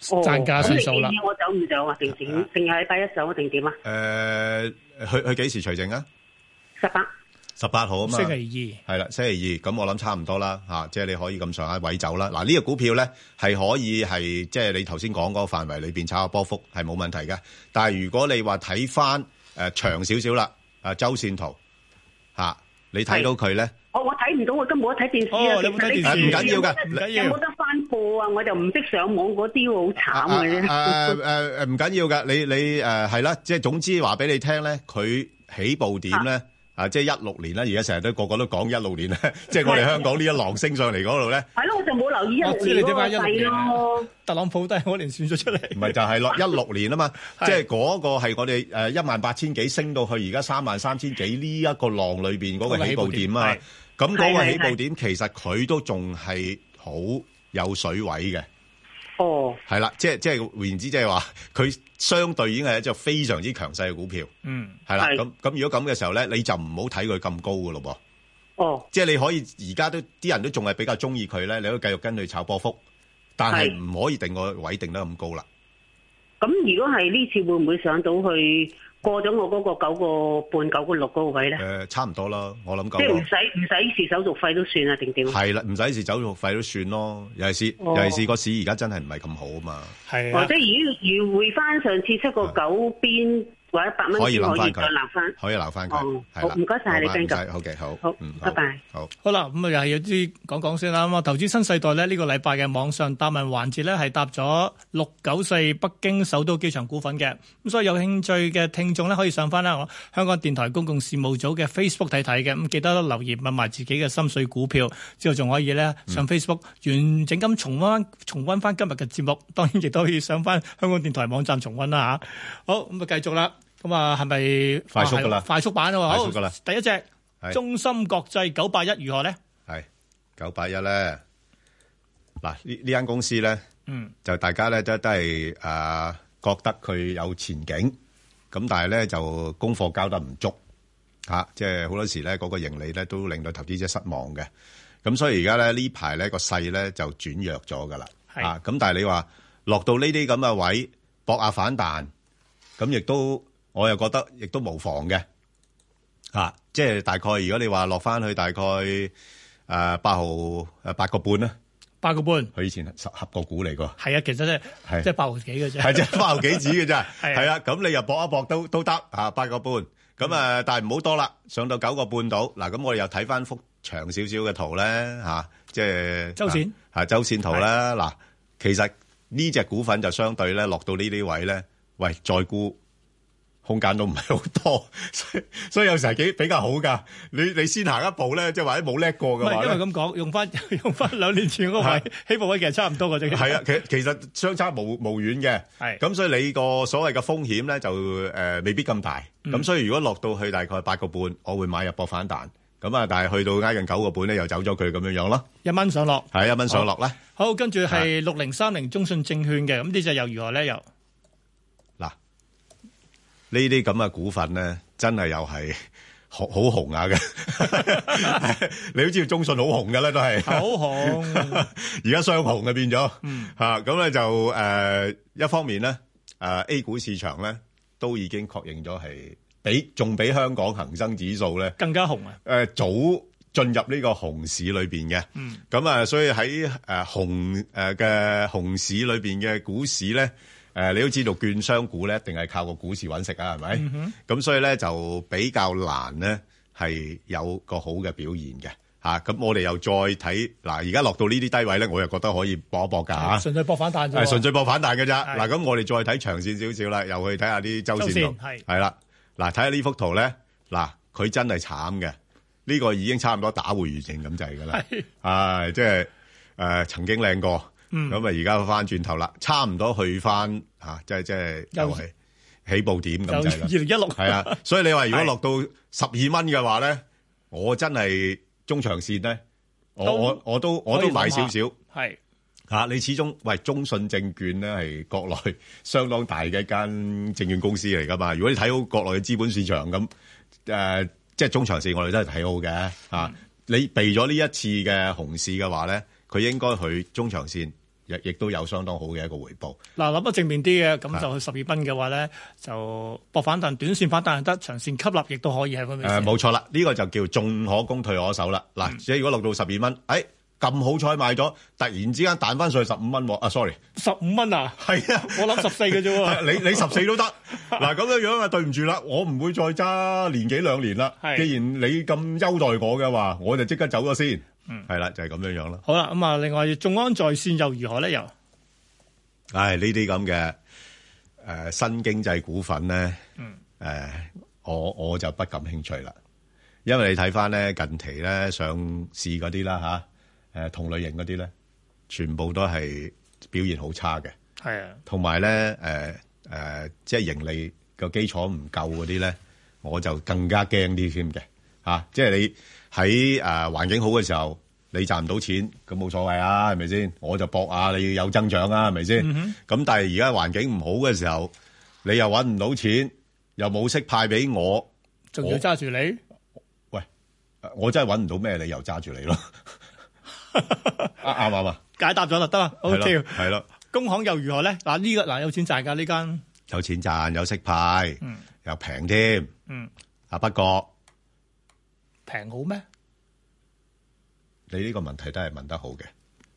賺價算數啦。咁、哦、你建議我走唔走啊？定點？定係禮拜一走定點啊？誒、呃，去去幾時除淨啊？十八。十八號啊嘛星。星期二。係啦，星期二，咁我諗差唔多啦，吓，即係你可以咁上下位走啦。嗱、啊，呢、這、隻、個、股票咧係可以係即係你頭先講嗰個範圍裏邊炒下波幅係冇問題嘅。但係如果你話睇翻誒長少少啦，啊，啊周線圖吓、啊，你睇到佢咧。我我睇唔到，我都冇得睇電視啊！你你冇睇電視唔緊要㗎，唔緊要。有冇得翻播啊？我就唔識上網嗰啲喎，好慘嘅。誒誒誒，唔緊要㗎。你你誒係啦，即係總之話俾你聽咧，佢起步點咧啊，即係一六年啦。而家成日都個個都講一六年咧，即係我哋香港呢一浪升上嚟嗰度咧。係咯，我就冇留意一六年咯。特朗普都係嗰年選咗出嚟。唔係就係咯，一六年啊嘛，即係嗰個係我哋誒一萬八千幾升到去而家三萬三千幾呢一個浪裏邊嗰個起步點啊。咁嗰個起步點是是是其實佢都仲係好有水位嘅。哦，係啦，即係即係換言之，即係話佢相對已經係一隻非常之強勢嘅股票，嗯，係啦的，咁咁的如果咁嘅時候咧，你就唔好睇佢咁高噶咯噃，哦，即係你可以而家都啲人都仲係比較中意佢咧，你可以繼續跟佢炒波幅，但係唔可以定個位定得咁高啦。咁如果係呢次會唔會上到去？過咗我嗰個九個半九個六嗰個位咧？誒，差唔多啦，我諗夠。即係唔使唔使付手續費都算呀，定點？係啦，唔使付手續費都算咯。尤其是、哦、尤其是個市而家真係唔係咁好啊嘛。係啊。或者如如回翻上，上次七個九邊？一百蚊可以留返佢，可以留翻，可以留翻佢。好，唔該曬你跟住，好嘅，好，好，嗯拜拜好，好，嗯，拜拜。好，好啦，咁啊，又係有啲講講先啦。咁啊，投資新世代咧，呢、這個禮拜嘅網上答問環節咧，係答咗六九四北京首都機場股份嘅。咁、嗯、所以有興趣嘅聽眾呢，可以上翻啦，我香港電台公共事務組嘅 Facebook 睇睇嘅。咁、嗯、記得留言問埋自己嘅心水股票，之後仲可以咧上 Facebook、嗯、完整咁重温重温翻今日嘅節目。當然亦都可以上翻香港電台網站重温啦、啊、好，咁啊，繼續啦。咁啊，係咪快速噶啦？快速版啊，快速噶啦。第一隻係中心國際九八一如何咧？係九八一咧嗱，呢呢間公司咧，嗯，就大家咧都都係誒覺得佢有前景，咁但係咧就功課交得唔足吓，即係好多時咧嗰個盈利咧都令到投資者失望嘅。咁所以而家咧呢排咧個勢咧就轉弱咗噶啦。係啊，咁但係你話落到呢啲咁嘅位搏下反彈，咁亦都。我又覺得亦都無妨嘅嚇，即係大概。如果你話落翻去，大概誒八毫誒八個半啦，八個半佢以前十合個股嚟㗎，係啊，其實即係即係八毫幾嘅啫，係即係八毫幾指嘅啫，係啊。咁你又搏一搏都都得嚇，八個半咁誒，但係唔好多啦。上到九個半度嗱，咁我哋又睇翻幅長少少嘅圖咧嚇，即係周線嚇周線圖咧嗱。其實呢隻股份就相對咧落到呢啲位咧，喂再估。空間都唔係好多，所以所以有時係比較好噶。你你先行一步咧，即係或者冇叻過嘅。唔係因為咁講，用翻用翻兩年前嗰位起步位其實差唔多嘅啫。係啊，其其實相差無無遠嘅。係咁，所以你個所謂嘅風險咧就誒未必咁大。咁所以如果落到去大概八個半，我會買入博反彈。咁啊，但係去到挨近九個半咧，又走咗佢咁樣樣咯。一蚊上落係一蚊上落咧。好，跟住係六零三零中信證券嘅。咁呢隻又如何咧？又呢啲咁嘅股份咧，真係又係好好紅下嘅。 你好知，中信好紅噶啦，都係好 紅。而家雙紅啊，變咗。吓咁咧就誒，一方面咧，誒 A 股市場咧都已經確認咗係比仲比香港恒生指數咧更加紅啊。誒，早進入呢個熊市裏邊嘅，咁啊、嗯，所以喺誒熊誒嘅熊市裏邊嘅股市咧。誒，你都知道券商股咧，一定係靠個股市搵食啊，係咪？咁、嗯、哼所以咧就比較難咧，係有個好嘅表現嘅嚇。咁、啊、我哋又再睇嗱，而、啊、家落到呢啲低位咧，我又覺得可以搏一搏㗎嚇。純粹搏反彈，係純粹搏反彈㗎咋？嗱的，咁、啊、我哋再睇長線少少啦，又去睇下啲周線度，係係啦。嗱，睇下呢幅圖咧，嗱、啊，佢真係慘嘅。呢、呢個已經差唔多打回原形咁滯㗎啦。啊，即係誒曾經靚過。咁、嗯、啊，而家翻轉頭啦，差唔多去翻嚇，即係即係又係起步點咁就係二零一六，係由 2016 啊。所以你話如果落到十二蚊嘅話咧，是我真係中長線咧都，我我都我都買少少，係是你始終喂中信證券咧係國內相當大嘅一間證券公司嚟噶嘛。如果你睇好國內嘅資本市場咁、呃、即係中長線我哋都係睇好嘅、嗯啊、你避咗呢一次嘅熊市嘅話咧，佢應該去中長線。亦亦都有相當好嘅一個回報。嗱，諗得正面啲嘅，咁就去十二蚊嘅話咧，是的 就博反彈，短線反彈得，長線吸納亦都可以喺佢面。呃、冇錯啦，呢、呢個就叫縱可攻退可守啦。嗱，即如果落到十二蚊，誒咁好彩買咗，突然之間彈翻上去十五蚊喎。啊，sorry，十五蚊啊？係是啊，我諗十四嘅啫喎。你你十四都得。嗱咁樣樣啊，對唔住啦，我唔會再揸年幾兩年啦。是的 既然你咁優待我嘅話，我就即刻走咗先。嗯，係啦，就係、是、咁樣樣咯。好啦，咁啊，另外眾安在線又如何咧？又、哎，唉，呢啲咁嘅誒，新經濟股份咧，誒、嗯呃，我我就不感興趣啦。因為你睇翻咧近期咧上市嗰啲啦吓，誒、啊啊、同類型嗰啲咧，全部都係表現好差嘅。係啊的，同埋咧，誒、呃、誒、呃，即係盈利個基礎唔夠嗰啲咧，我就更加驚啲添嘅。啊，即係你。喺誒、呃、環境好嘅時候，你賺唔到錢，咁冇所謂啊，係咪先？我就搏啊，你要有增長啊，係咪先？咁、嗯、哼但係而家環境唔好嘅時候，你又搵唔到錢，又冇息派俾我，仲要揸住你？喂，我真係搵唔到咩理由揸住你咯？啱唔啱啊？解答咗就得啦。好，跳的。係啦 okay。工行又如何咧？嗱、這、呢個嗱有錢賺㗎呢間。有錢賺、這個，有息派，又平添。嗯。啊不過。嗯平好咩？你呢個問題都係問得好嘅，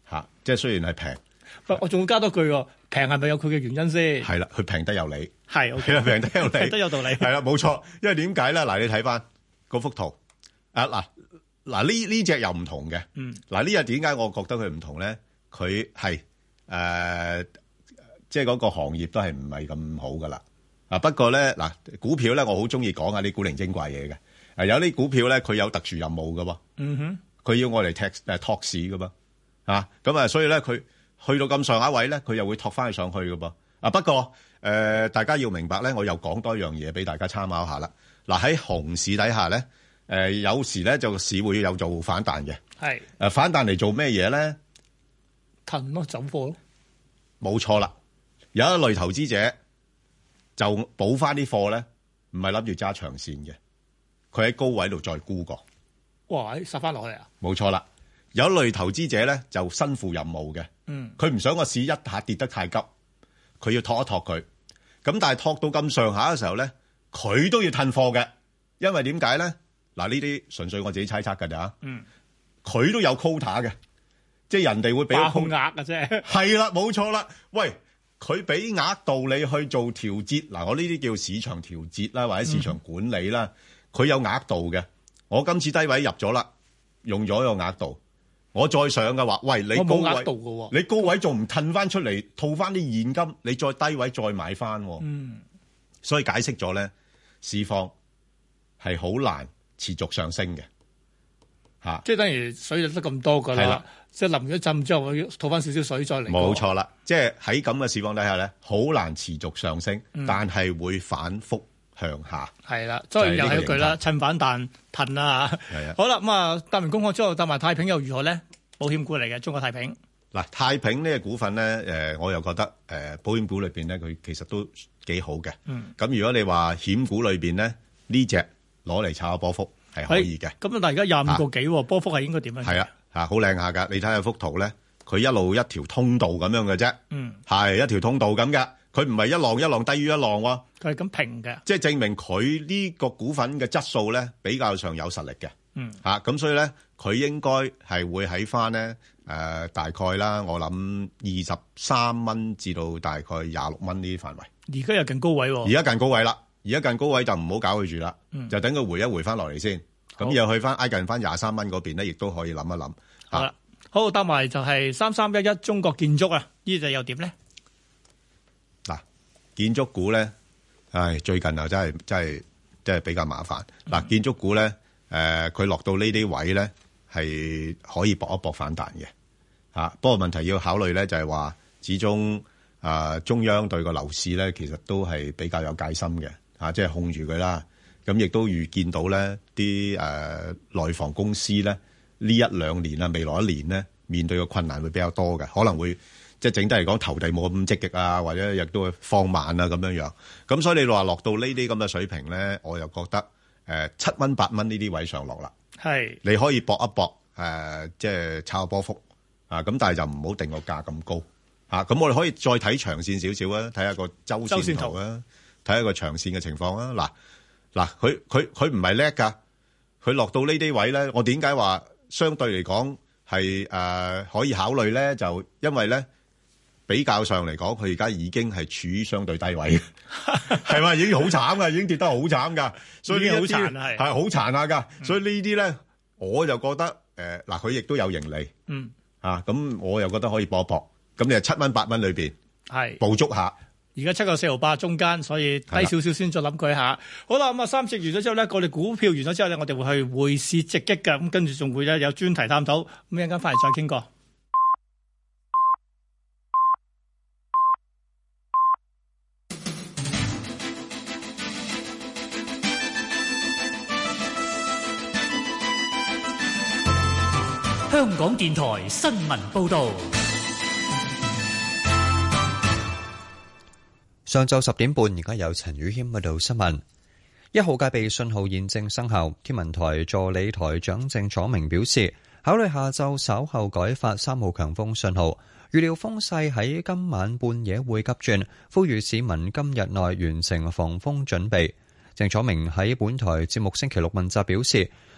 吓、啊，即係雖然係平。唔不，是我仲會加多句喎，平係咪有佢嘅原因先？係啦，佢平得有理。係，佢、okay、平的 得有理，得有道理。係啦，冇錯。因為點解咧？嗱，你睇翻嗰幅圖啊，嗱、啊，嗱呢呢隻又唔同嘅。嗯、啊。嗱呢日點解我覺得佢唔同咧？佢係誒，即係嗰個行業都係唔係咁好噶啦。啊，不過咧嗱，股票咧我好中意講下啲古靈精怪嘢嘅。有啲股票咧，佢有特殊任務噶喎。嗯哼，佢要我嚟踢誒託、啊、市噶嘛。啊，咁啊，所以咧，佢去到咁上下位咧，佢又會託翻佢上去噶噃。啊，不過誒、呃，大家要明白咧，我又講多樣嘢俾大家參考下啦。嗱、啊，喺熊市底下咧，誒、呃、有時咧就市會有做反彈嘅。係是。誒反彈嚟做咩嘢咧？騰咯，走貨咯。冇錯啦，有一類投資者就補翻啲貨咧，唔係諗住揸長線嘅。佢喺高位度再沽過，哇，殺翻落去啊。冇錯啦，有一類投資者咧就身負任務嘅，嗯，佢唔想個市一下跌得太急，佢要托一托佢咁。但係托到咁上下嘅時候咧，佢都要褪貨嘅，因為點解咧？嗱，呢啲純粹我自己猜測噶咋，嗯，佢都有 quota 嘅，即係人哋會俾控額嘅啫，係 啦，冇錯啦。喂，佢俾額度你去做調節嗱，我呢啲叫市場調節啦，或者市場管理啦。嗯佢有額度嘅，我今次低位入咗啦，用咗個額度，我再上嘅話，喂，你高位，度你高位仲唔褪翻出嚟，套翻啲現金，你再低位再買翻，嗯，所以解釋咗咧，市況係好難持續上升嘅，吓，的即係等於水就得咁多噶啦，係啦，即係淋咗浸之後，我要套翻少少水再嚟，冇錯啦，即係喺咁嘅市況底下咧，好難持續上升，但係會反覆。向下係啦，即係又係一句啦，象趁反彈騰啦。係啊， 的好啦，咁啊，搭完工行之後，搭埋太平又如何咧？保險股嚟嘅中國太平嗱，太平呢個股份咧，我又覺得保險股裏面咧，佢其實都幾好嘅。嗯，咁如果你話險股裏面咧，呢隻攞嚟炒下波幅係可以嘅。咁啊，但係而家廿五個幾的波幅係應該點樣？係啊，好靚下㗎，你睇下幅圖咧，佢一路一條通道咁樣嘅啫。嗯，係一條通道咁嘅。佢唔係一浪一浪低於一浪喎，佢係咁平嘅，即係證明佢呢個股份嘅質素咧比較上有實力嘅。嗯，吓咁、啊、所以咧，佢應該係會喺翻咧誒大概啦，我諗二十三蚊至到大概廿六蚊呢啲範圍，而家又近高位、哦，而家近高位啦，而家近高位就唔好搞佢住啦，嗯，就等佢回一回翻落嚟先，咁又好去翻挨近翻廿三蚊嗰邊咧，亦都可以諗一諗。好啦了，啊、好搭埋就係三三一一中國建築啊，這個，呢隻又點咧？建築股咧，唉，最近又真係真係真係比較麻煩。嗱，建築股咧，誒、呃，佢落到呢啲位咧，係可以搏一搏反彈嘅、啊，不過問題要考慮咧，就係、是、話，始終啊、呃，中央對個樓市咧，其實都係比較有戒心嘅、啊，即係控住佢啦。咁、啊、亦都預見到咧，啲誒、呃、內房公司咧，呢一兩年啊，未來一年咧，面對嘅困難會比較多嘅，可能會。即係整體嚟講，投地冇咁積極啊，或者亦都會放慢啊咁樣樣。咁所以你話落到呢啲咁嘅水平咧，我又覺得誒七蚊八蚊呢啲位上落啦。係是，你可以搏一搏誒、呃，即係炒波幅啊。咁但係就唔好定個價咁高嚇。咁、啊、我哋可以再睇長線少少啊，睇下個周線圖啊，睇下個長線嘅情況啊。嗱嗱，佢佢佢唔係叻㗎。佢落到呢啲位咧，我點解話相對嚟講係誒可以考慮咧？就因為咧。比較上嚟講，佢而家已經係處於相對低位，係嘛？ 已經好慘噶，已經跌得好慘噶，所以呢啲係好慘係，係好慘啊！噶是，嗯、所以呢啲咧，我就覺得誒，嗱、呃，佢亦都有盈利，嗯，吓咁、啊，我又覺得可以搏是一搏，咁你七蚊八蚊裏邊係捕捉下，而家七個四毫八中間，所以低少少先再諗佢下。的好啦，咁啊，三隻完咗之後咧，我哋股票完咗之後咧，我哋會去匯市直擊嘅，咁跟住仲會咧有專題探討，咁一陣間翻嚟再傾過。香港電台新聞報道：上晝十點半，而家有陳宇謙報道新聞。一號戒備信號現正生效，天文台助理台長鄭楚明表示，考慮下晝稍後改發三號強風信號。預料風勢喺今晚半夜會急轉，呼籲市民今日內完成防風準備。鄭楚明喺本台節目星期六問責表示。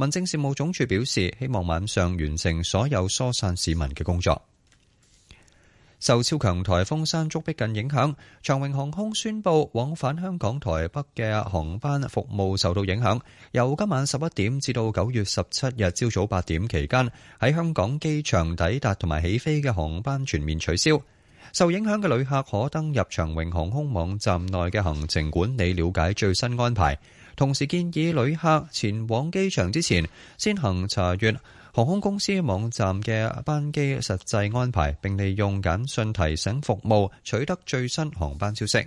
民政事務總署表示，希望晚上完成所有疏散市民嘅工作。受超強台風山竹逼近影響，長榮航空宣布往返香港台北嘅航班服務受到影響，由今晚十一點至到九月十七日朝早八點期間，喺香港機場抵達同埋起飛嘅航班全面取消。受影響嘅旅客可登入長榮航空網站內嘅行程管理，了解最新安排。同時建議旅客前往機場之前，先行查閲航空公司網站嘅班機實際安排，並利用簡訊提醒服務取得最新航班消息。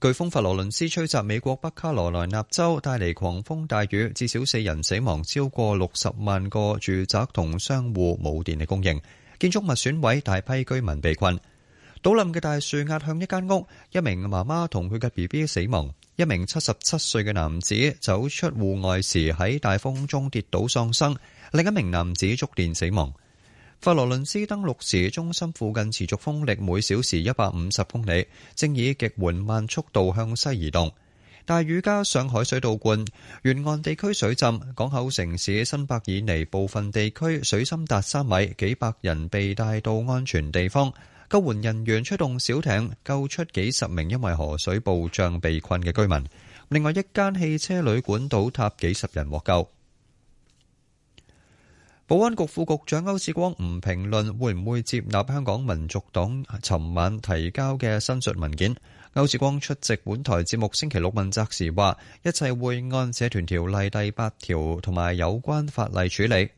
颶風佛羅倫斯吹襲美國北卡羅來納州，帶嚟狂風大雨，至少四人死亡，超過六十萬個住宅同商戶冇電力供應，建築物損毀，大批居民被困。倒冧嘅大樹壓向一間屋，一名媽媽同佢嘅 BB 死亡。一名七十七歲嘅男子走出戶外時喺大風中跌倒喪生，另一名男子觸電死亡。佛羅倫斯登陸時，中心附近持續風力每小時一百五十公里，正以極緩慢速度向西移動。大雨加上海水倒灌，沿岸地區水浸，港口城市新伯爾尼部分地區水深達三米，幾百人被帶到安全地方。救援人員出動小艇救出幾十名因為河水暴漲被困嘅居民，另外一間汽車旅館倒塌，幾十人獲救。保安局副局長歐志光唔評論會唔會接納香港民族黨尋晚提交嘅申述文件。歐志光出席本台節目星期六問責時話：一切會按社團條例第八條同埋有關法例處理。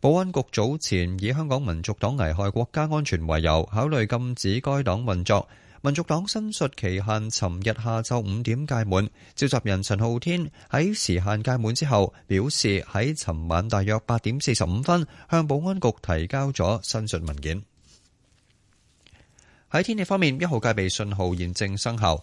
保安局早前以香港民族黨危害國家安全為由，考慮禁止該黨運作。民族黨申述期限尋日下晝五點屆滿，召集人陳浩天喺時限屆滿之後，表示喺尋晚大約八點四十五分向保安局提交咗申述文件。喺天氣方面，一號戒備信號現正生效。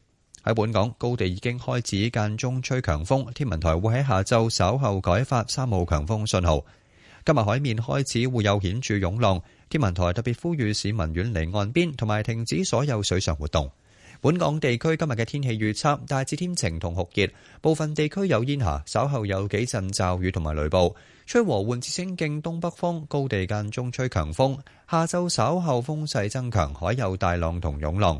喺本港高地已經開始間中吹強風，天文台會喺下晝稍後改發三號強風信號。今日海面開始會有顯著湧浪，天文台特別呼籲市民遠離岸邊同埋停止所有水上活動。本港地區今日嘅天氣預測大致天晴同酷熱，部分地區有煙霞，稍後有幾陣驟雨同埋雷暴，吹和緩至清勁東北風，高地間中吹強風，下晝稍後風勢增強，海有大浪同湧浪。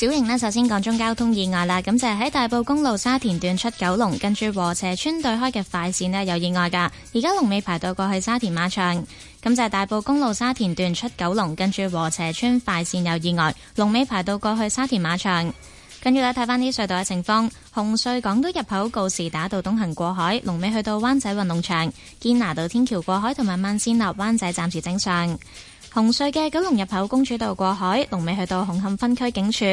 小型呢，首先講中交通意外啦，咁就係喺大埔公路沙田段出九龍，跟住和斜村對開嘅快線呢，有意外噶，而家龍尾排到過去沙田馬場。咁就係大埔公路沙田段出九龍，跟住和斜村快線有意外，龍尾排到過去沙田馬場。跟住呢，睇返啲隧道嘅情況，紅隧港島入口告士打道東行過海，龍尾去到灣仔運動場；堅拿道天橋過海同埋慢線落灣仔暫時正常。紅隧嘅九龍入口公主道過海，龍尾去到紅磡分區警署；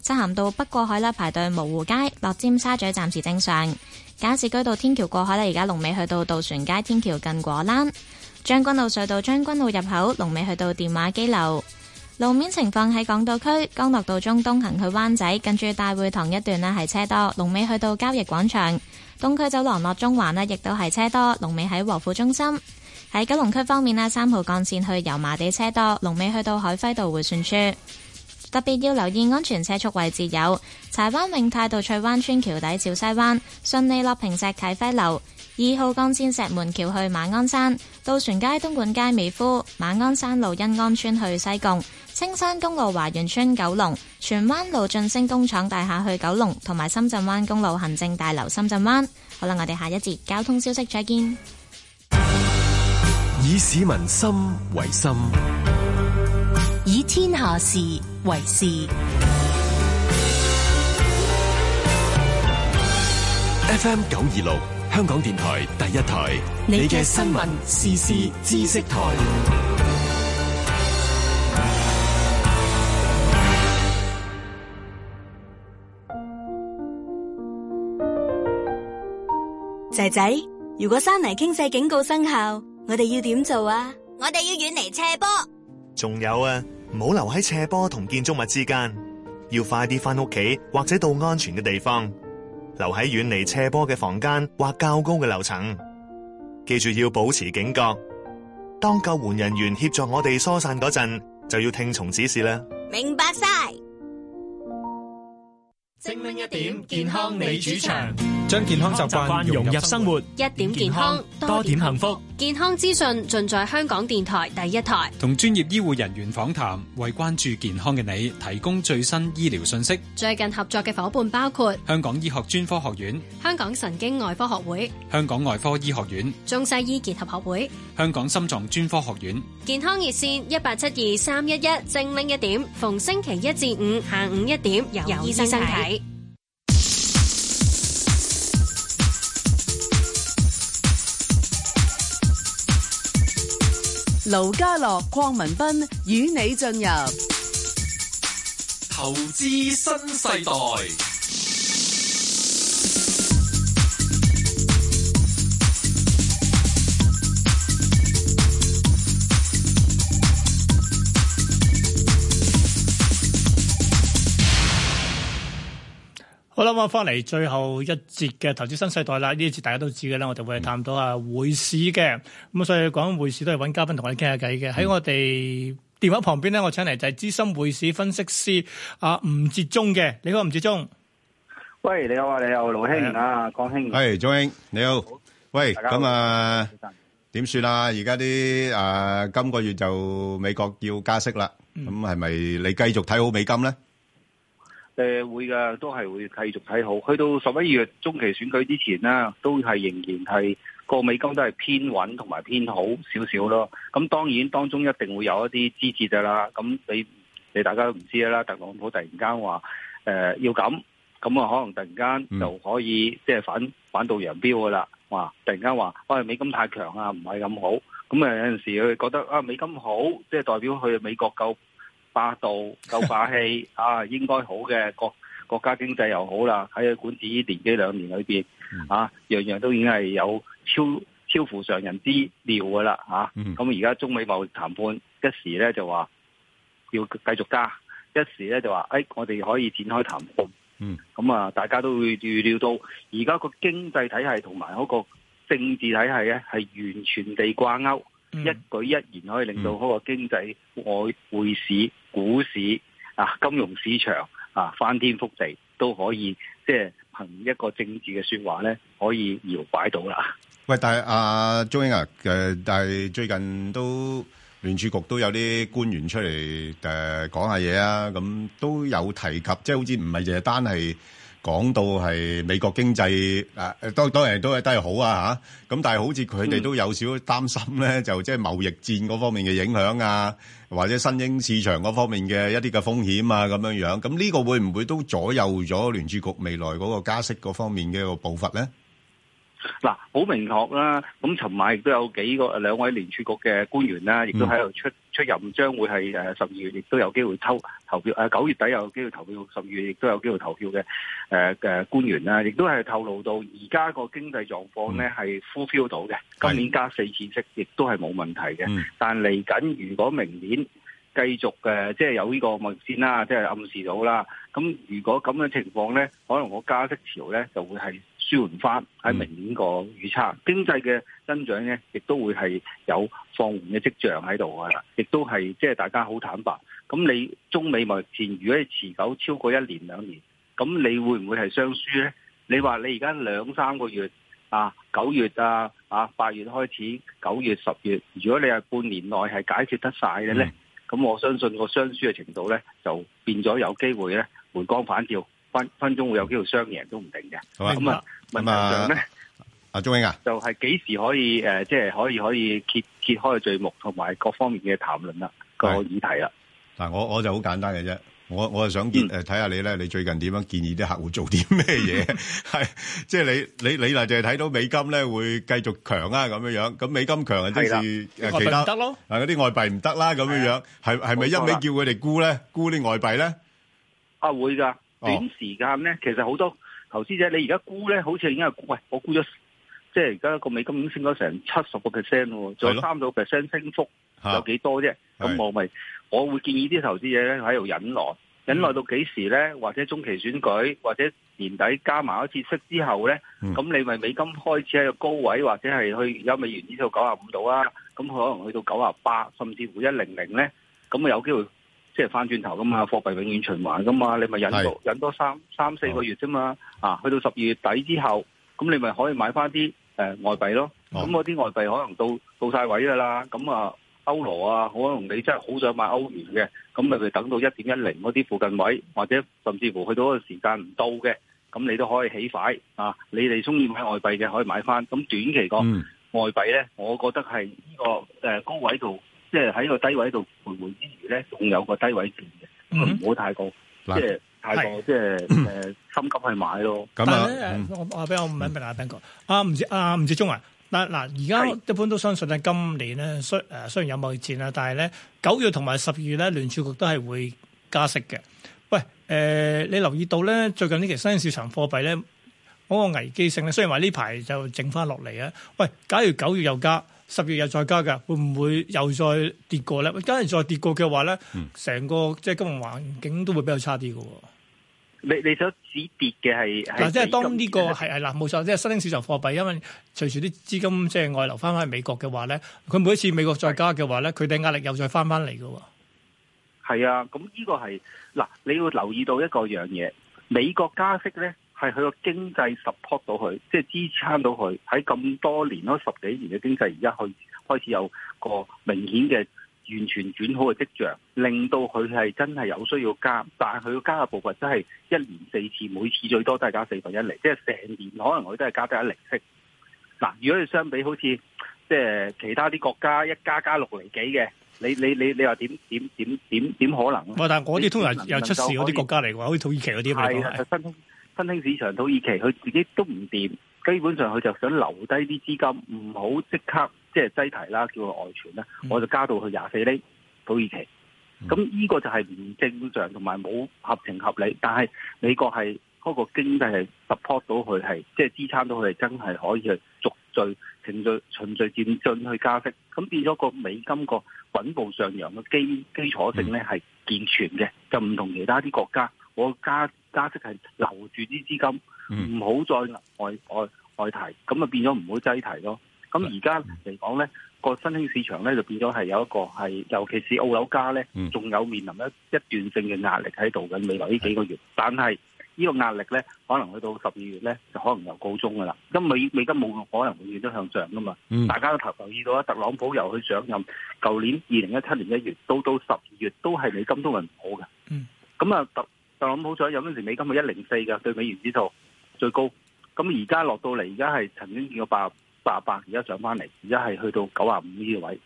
漆咸道北過海啦，排隊蕪湖街、落尖沙咀，暫時正常。加士居道天橋過海啦，而家龍尾去到渡船街天橋近果欄。將軍澳隧道將軍澳入口，龍尾去到電話機樓。路面情況喺港島區，干諾道中東行去灣仔，跟住大會堂一段呢係車多，龍尾去到交易廣場。東區走廊落中環呢亦都係車多，龍尾喺和富中心。喺九龍區方面三號幹線去油麻地車多，龍尾去到海輝道回旋處。特別要留意安全車速位置有柴灣永泰道翠灣村橋底、小西灣、順利落平石啟輝樓。二號幹線石門橋去馬鞍山、渡船街、東莞街、美孚、馬鞍山路欣安村去西貢、青山公路華源村九龍、荃灣路晉升工廠大廈去九龍，同埋深圳灣公路行政大樓深圳灣。好啦，我哋下一節交通消息再見。以市民心為心，以天下事為事。FM 九二六，香港電台第一台，你嘅新聞、時事、知識台。仔仔，如果山泥傾瀉警告生效。我哋要點做啊？我哋要遠離斜坡，仲有啊，唔好留喺斜坡同建築物之間，要快啲翻屋企或者到安全嘅地方，留喺遠離斜坡嘅房間或較高嘅樓層。記住要保持警覺，當救援人員協助我哋疏散嗰陣，就要聽從指示啦。明白晒。精靈一點，健康你主場，將健康習慣融入生活。一點健康，多點幸福。健康資訊盡在香港電台第一台。同專業醫護人員訪談，為關注健康嘅你提供最新醫療信息。最近合作嘅伙伴包括香港醫學專科學院、香港神經外科學會、香港外科醫學院、中西醫結合學會、香港心臟專科學院。健康熱線一八七二三一一，精靈一點，逢星期一至五下午一點由醫生睇。盧家樂、鄺民彬與你進入投資新世代。好啦，我翻嚟最後一節嘅投資新世代啦，呢節大家都知嘅啦，我就會探討啊匯市嘅，咁啊所以講匯市都係揾嘉賓同我哋傾下偈嘅。喺我哋電話旁邊咧，我請嚟就係資深匯市分析師阿吳哲忠嘅，你好，吳哲忠。喂，你好啊，你又盧兄啊，鄺兄，係張英，你好，喂，咁啊，點算啊？而家啲誒，今個月就美國要加息啦，咁係咪你繼續睇好美金咧？誒，會噶，都係會繼續睇好。去到十一月中期選舉之前啦，都係仍然係個美金都係偏穩同埋偏好少少咯。咁當然當中一定會有一啲枝節噶啦。咁你你大家都唔知噶啦。特朗普突然間話誒要咁，咁啊可能突然間就可以、嗯、即係反反到揚標噶啦。哇！突然間話喂，美金太強啊，唔係咁好。咁啊有陣時佢覺得啊美金好，即係代表去美國夠。霸道夠霸氣 啊！應該好嘅國國家經濟又好啦，喺佢管治呢年幾兩年裏面，嗯、啊，樣樣都已經係有超超乎常人之料噶啦啊！咁而家中美貿易談判一時咧就話要繼續加，一時咧就話誒、哎，我哋可以展開談判。咁、嗯、啊，大家都會預料到，而家個經濟體系同埋嗰個政治體系咧，係完全地掛鈎，嗯、一舉一言可以令到嗰個經濟外匯市股市啊，金融市場啊，翻天覆地都可以，即係憑一個政治嘅說話咧，可以搖擺到啦。喂，但係阿、啊、鍾英啊，誒，但係最近都聯儲局都有啲官員出嚟誒、呃、講下嘢啊，咁都有提及，即係好似唔係淨係單係。講到係美國經濟，誒，當當然都係都係好啊嚇，咁但係好似佢哋都有少少擔心咧，就即係貿易戰嗰方面嘅影響啊，或者新興市場嗰方面嘅一啲嘅風險啊咁樣樣，咁呢個會唔會都左右咗聯儲局未來嗰個加息嗰方面嘅一個步伐咧？嗱，好明確啦，咁尋晚亦都有幾個兩位聯儲局嘅官員啦，亦都喺度出。出任將會係誒十二月亦都有機會投投票，誒九月底有機會投票，十二月亦都有機會投票嘅誒誒官員啦，亦都係透露到而家個經濟狀況咧係 fulfill 到嘅，今年加四次息亦都係冇問題嘅，mm hmm. 但嚟緊如果明年，繼續嘅即係有呢個貿易戰啦，即係暗示到啦。咁如果咁嘅情況呢，可能我加息潮呢就會係舒緩翻喺明年個預測，經濟嘅增長呢，亦都會係有放緩嘅跡象喺度噶啦。亦都係即係大家好坦白。咁你中美貿易戰如果係持久超過一年兩年，咁你會唔會係雙輸呢？你話你而家兩三個月啊，九月啊啊八月開始，九月十月，如果你係半年內係解決得晒嘅呢。咁我相信個雙輸嘅程度咧，就變咗有機會咧回光返照，分分鐘會有機會雙贏都唔定嘅。好啊，咁啊，問題上咧，阿鍾、嗯啊、英啊，就係幾時可以誒，即、呃、係、就是、可以可以揭揭開嘅序幕同埋各方面嘅談論啦，嗯、個議題啦。嗱，我我就好簡單嘅啫。我我就想見誒，睇、呃、下你咧，你最近點樣建議啲客戶做啲咩嘢？係即係你你你嗱就係、是、睇到美金咧會繼續強啊咁樣樣，咁美金強啊即是，是的其他唔得咯，嗱嗰啲外幣唔得啦咁樣樣，係係咪一味叫佢哋沽咧沽啲外幣咧？啊會噶，短時間咧其實好多投資者你而家沽咧，好似已經係沽喂我沽咗，即係而家個美金已經升咗成七十個 percent 仲有三十個 percent 升幅。有幾多啫？咁、啊、我咪是，我會建議啲投資者咧喺度忍耐，嗯、忍耐到幾時咧？或者中期選舉，或者年底加埋一次息之後咧，咁、嗯、你咪美金開始喺個高位，或者係去而家美元呢度九啊五度啊，咁可能去到九啊八，甚至乎一零零咧，咁啊有機會即係翻轉頭噶嘛，貨幣永遠循環噶嘛，你咪忍到是忍多三三四個月啫嘛，啊，去到十二月底之後，咁你咪可以買翻啲、呃、外幣咯，咁嗰啲外幣可能到到晒位噶啦，咁啊～歐羅啊，可能你真係好想買歐元嘅，咁咪咪等到一點一零嗰啲附近位，或者甚至乎去到個時間唔到嘅，咁你都可以起快啊！你哋中意買外幣嘅可以買翻。咁短期講外幣咧，我覺得係呢個誒高位度，即係喺個低位度徘徊之餘咧，仲有個低位線嘅，唔好太過即係太過即係誒心急去買咯。咁啊，啊俾我問一問啊，彬哥啊，唔知啊，唔知中文。嗱嗱，而家一般都相信咧，今年咧，雖誒雖然有貿戰啦，但係咧九月同埋十月咧，聯儲局都係會加息嘅。喂，誒、呃，你留意到咧，最近呢期新市場貨幣咧嗰個危機性咧，雖然話呢排就靜翻落嚟啊。喂，假如九月又加，十月又再加嘅，會唔會又再跌過咧？假如再跌過嘅話咧，成個即係金融環境都會比較差啲嘅。你你所指的是是是跌嘅係嗱，即係當呢個係係嗱，冇錯，即係新興市場貨幣，因為隨住啲資金即係外流翻翻去美國嘅話咧，佢每一次美國再加嘅話咧，佢哋是的 壓力又再翻翻嚟嘅喎。係啊，咁呢個係嗱，你要留意到一個樣嘢，美國加息咧係佢個經濟 support 到佢，即係支撐到佢喺咁多年咯十幾年嘅經濟，而家去開始有個明顯嘅。完全轉好嘅跡象，令到佢係真係有需要加，但係佢要加嘅部分真係一年四次，每次最多都係加四分一釐，即係成年可能佢都係加得一釐息。嗱、啊，如果你相比好似即係其他啲國家一加加六厘幾嘅，你你你你話點點點點點可能？但係我哋通常又出事嗰啲國家嚟嘅話，好似以土耳其嗰啲咁樣，新新興市場，土耳其佢自己都唔掂，基本上佢就想留低啲資金，唔好即刻。即係擠提啦，叫佢外存啦。嗯、我就加到去廿四厘土耳其。咁呢個就係唔正常，同埋冇合情合理。但係美國係嗰個經濟係 support 到佢係，即係、就是、支撐到佢係真係可以去逐序、程序、循序漸進去加息。咁變咗個美金個穩步上揚嘅基基礎性咧係健全嘅，就唔同其他啲國家。我加加息係留住啲資金，唔好、嗯、再外外外提，咁啊變咗唔好擠提咯。咁而家嚟講咧，個新興市場咧就變咗係有一個係，尤其是澳紐加咧，仲有面臨一一段性嘅壓力喺度嘅。未來呢幾個月，但係呢個壓力咧，可能去到十二月咧，就可能又告終㗎啦。咁美美金冇可能永遠都向上㗎嘛？嗯、大家都頭頭意到特朗普又去上任，舊年二零一七年一月到到十二月都係美金都唔好嘅。咁啊、嗯，特特朗普上任嗰陣時，美金係一零四嘅對美元指數最高。咁而家落到嚟，而家係曾經見過八。八十八，而家上翻嚟，而家係去到九啊五呢個位，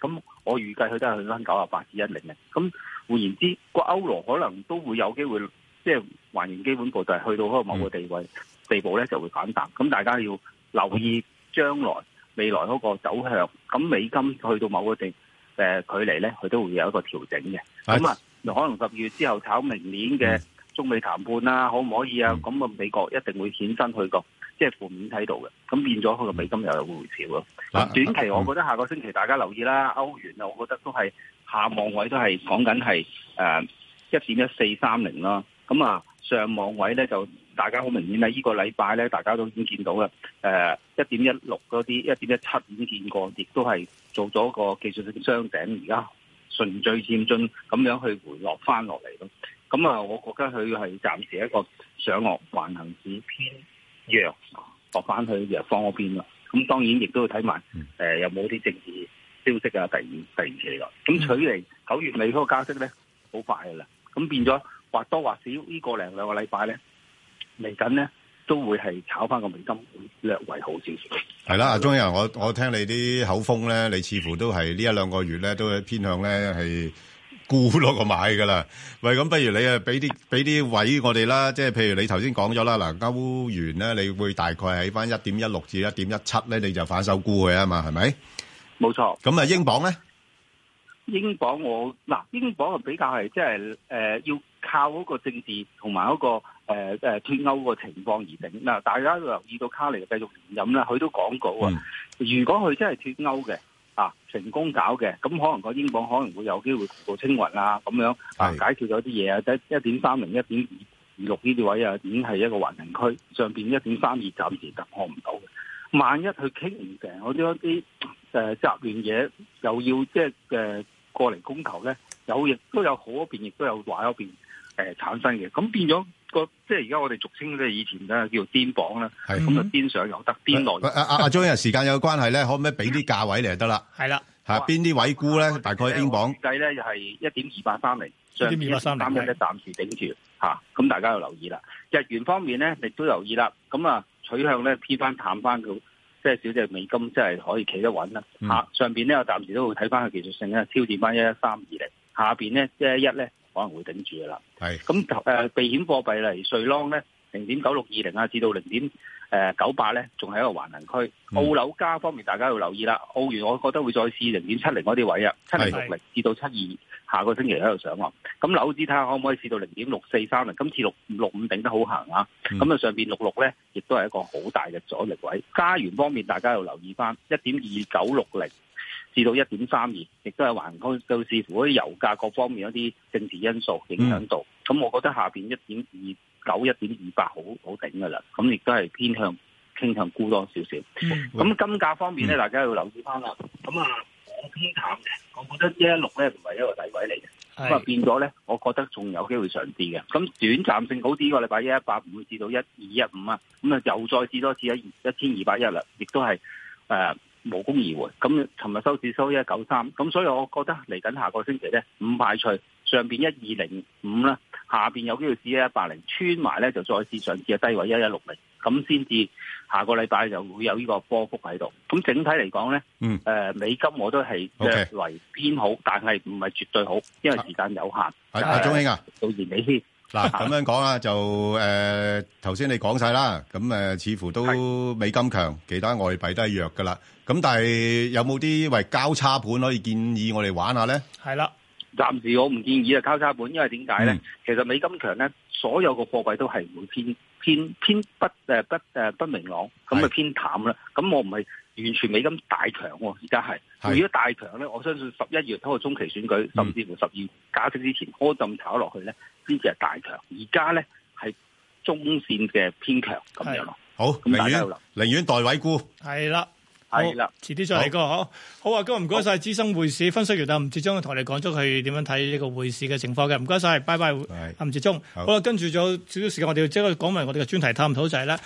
咁我預計佢都係去翻九啊八至一零零。咁換言之，個歐羅可能都會有機會，即、就、係、是、還原基本步，就係去到個某個地位、嗯、地步咧，就會反彈。咁大家要留意將來未來嗰個走向。咁美金去到某個地誒、呃、距離咧，佢都會有一個調整嘅。咁啊、哎，可能十二月之後炒明年嘅中美談判啦、啊，可唔可以啊？咁啊、嗯，美國一定會現身去個即係負面睇到嘅，咁變咗佢個美金又有回調咯。短期、啊、我覺得下個星期大家留意啦，歐元啊，我覺得都係下望位都係講緊係誒一點一四三零啦。咁啊上望位咧就大家好明顯啦，依、這個禮拜咧大家都已經見到啦。誒一點一六嗰啲、一點一七已經見過，亦都係做咗個技術性雙頂，而家順序漸進咁樣去回落翻落嚟咯。咁啊，我覺得佢係暫時一個上落橫行市。藥落翻去藥方嗰邊咯，咁當然亦都要睇埋，誒、嗯呃、有冇啲政治消息啊？第二第二期咯，咁取嚟九月尾嗰個加息咧，好快噶啦，咁變咗或多或少個多兩個呢個零兩個禮拜咧，嚟緊咧都會係炒翻個美金，略為好少少。係啦，阿鐘仁，我我聽你啲口風咧，你似乎都係呢一兩個月咧，都係偏向咧係。沽咯，我買噶啦。喂，咁不如你啊，俾啲俾啲位我哋啦。即係譬如你頭先講咗啦，嗱，歐元咧，你會大概喺翻一點一六至一點一七咧，你就反手沽佢啊嘛，係咪？冇錯。咁啊，英鎊咧？英鎊我嗱，英鎊啊比較係即係誒要靠嗰個政治同埋嗰個誒誒脱歐個情況而定。嗱，大家都留意到卡尼繼續言飲啦，佢都講過啊，如果佢真係脱歐嘅。啊，成功搞嘅，咁可能個英鎊可能會有機會過清雲啊，咁樣啊的解決咗啲嘢啊，即係一點三零、一點二二六呢啲位啊，已經係一個橫行區，上邊一點三二暫時突破唔到嘅。萬一佢傾唔成，嗰啲一啲誒雜亂嘢又要即係誒過嚟供求咧，有亦都有好嗰邊，亦都有壞嗰邊誒、呃、產生嘅，咁變咗，個即係而家我哋俗稱咧，以前咧叫癲鎊咧，咁就癲上又得，癲落。阿阿阿張，時間有關係咧，可唔可以俾啲價位嚟就得啦？係啦的，嚇邊啲位估咧？呢啊、大概英鎊計咧，又係一點二八三零，上邊一三一咧暫時頂住嚇，咁、 啊、大家要留意啦。日元方面咧，亦都留意啦。咁啊取向咧，偏翻淡翻佢，即、就、係、是、小隻美金，即、就、係、是、可以企得穩啦。嚇、啊、上邊咧，我暫時都會睇翻佢技術性啊，挑戰翻一一三二零，下邊咧一一一咧。可能會頂住嘅啦，係咁誒避險貨幣嚟瑞郎咧，零點九六二零啊，至到零點誒九八咧，仲係一個橫行區。嗯、澳樓價方面，大家要留意啦。澳元我覺得會再試零點七零嗰啲位啊，七零六零至到七二，下個星期喺度上岸。咁樓指睇下可唔可以試到零點六四三零，今次六六五頂得好行啊，咁啊、嗯、上邊六六咧，亦都係一個好大嘅阻力位。加元方面，大家要留意翻一點二九六零。至到一點三二，亦都係橫行，就視乎嗰啲油價各方面一啲政治因素影響到，咁、嗯、我覺得下邊一點二九、一點二八好好頂㗎啦，咁亦都係偏向傾向沽多少少。咁、嗯、金價方面咧，嗯、大家要留意翻啦。咁啊，往清淡嘅，我覺得一一六咧唔係一個底位嚟嘅，咁啊是變咗咧，我覺得仲有機會上試嘅。咁短暫性好啲，呢個禮拜一一八五，會至到一二一五啊，咁啊又再至多一次一一千二百一啦，亦都係誒。無功而回，咁尋日收市收一九三，咁所以我覺得嚟緊下，下個星期咧，唔排除上邊一二零五啦，下邊有機會試一一八零穿埋咧，就再次上試嘅低位一一六零，咁先至下個禮拜就會有呢個波幅喺度。咁整體嚟講咧，誒、嗯呃、美金我都係略為偏好，但係唔係絕對好，因為時間有限。阿中興啊，到、啊啊呃、你先。嗱，咁樣講啦，就誒頭先你講晒啦，咁誒似乎都美金強，其他外幣都係弱㗎啦。咁但係有冇啲為交叉盤可以建議我哋玩下咧？係啦，暫時我唔建議啊交叉盤，因為點解咧？其實美金強咧，所有個貨幣都係會偏偏偏不誒不誒不明朗，咁啊偏淡啦。咁我唔係。完全未咁大強喎，而家係如果大強咧，我相信十一月通過中期選舉，甚至乎十二月加息之前，安頓炒落去咧，先至係大強。而家咧係中線嘅偏強咁樣咯。好，寧願寧願代位沽係啦，係啦，遲啲再嚟過。好，好啊，今日唔該晒資深匯市分析員，啊，吳志忠同你講咗佢點樣睇呢個匯市嘅情況嘅。唔該晒，拜拜。吳志忠。好啦，跟住仲有少少時間，我哋即刻講埋我哋嘅專題探討就係咧。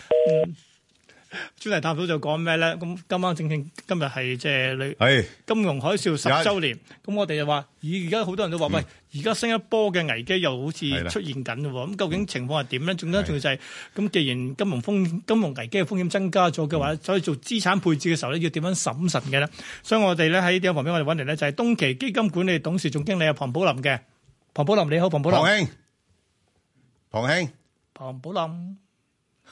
專題探討就講咩咧？咁今晚正正今日係即係你金融海嘯十周年，咁我哋就話而而家好多人都話喂，而家升一波嘅危機又好似出現緊咯。咁究竟情況係點咧？最緊要就係咁，既然金融風、金融危機嘅風險增加咗嘅話，所以做資產配置嘅時候咧，要點樣審慎嘅咧？所以我哋咧喺啲旁邊我哋揾嚟咧，就係東奇基金管理董事總經理阿龐寶林嘅龐寶林，你好，龐寶林。龐兄，龐兄，龐寶林。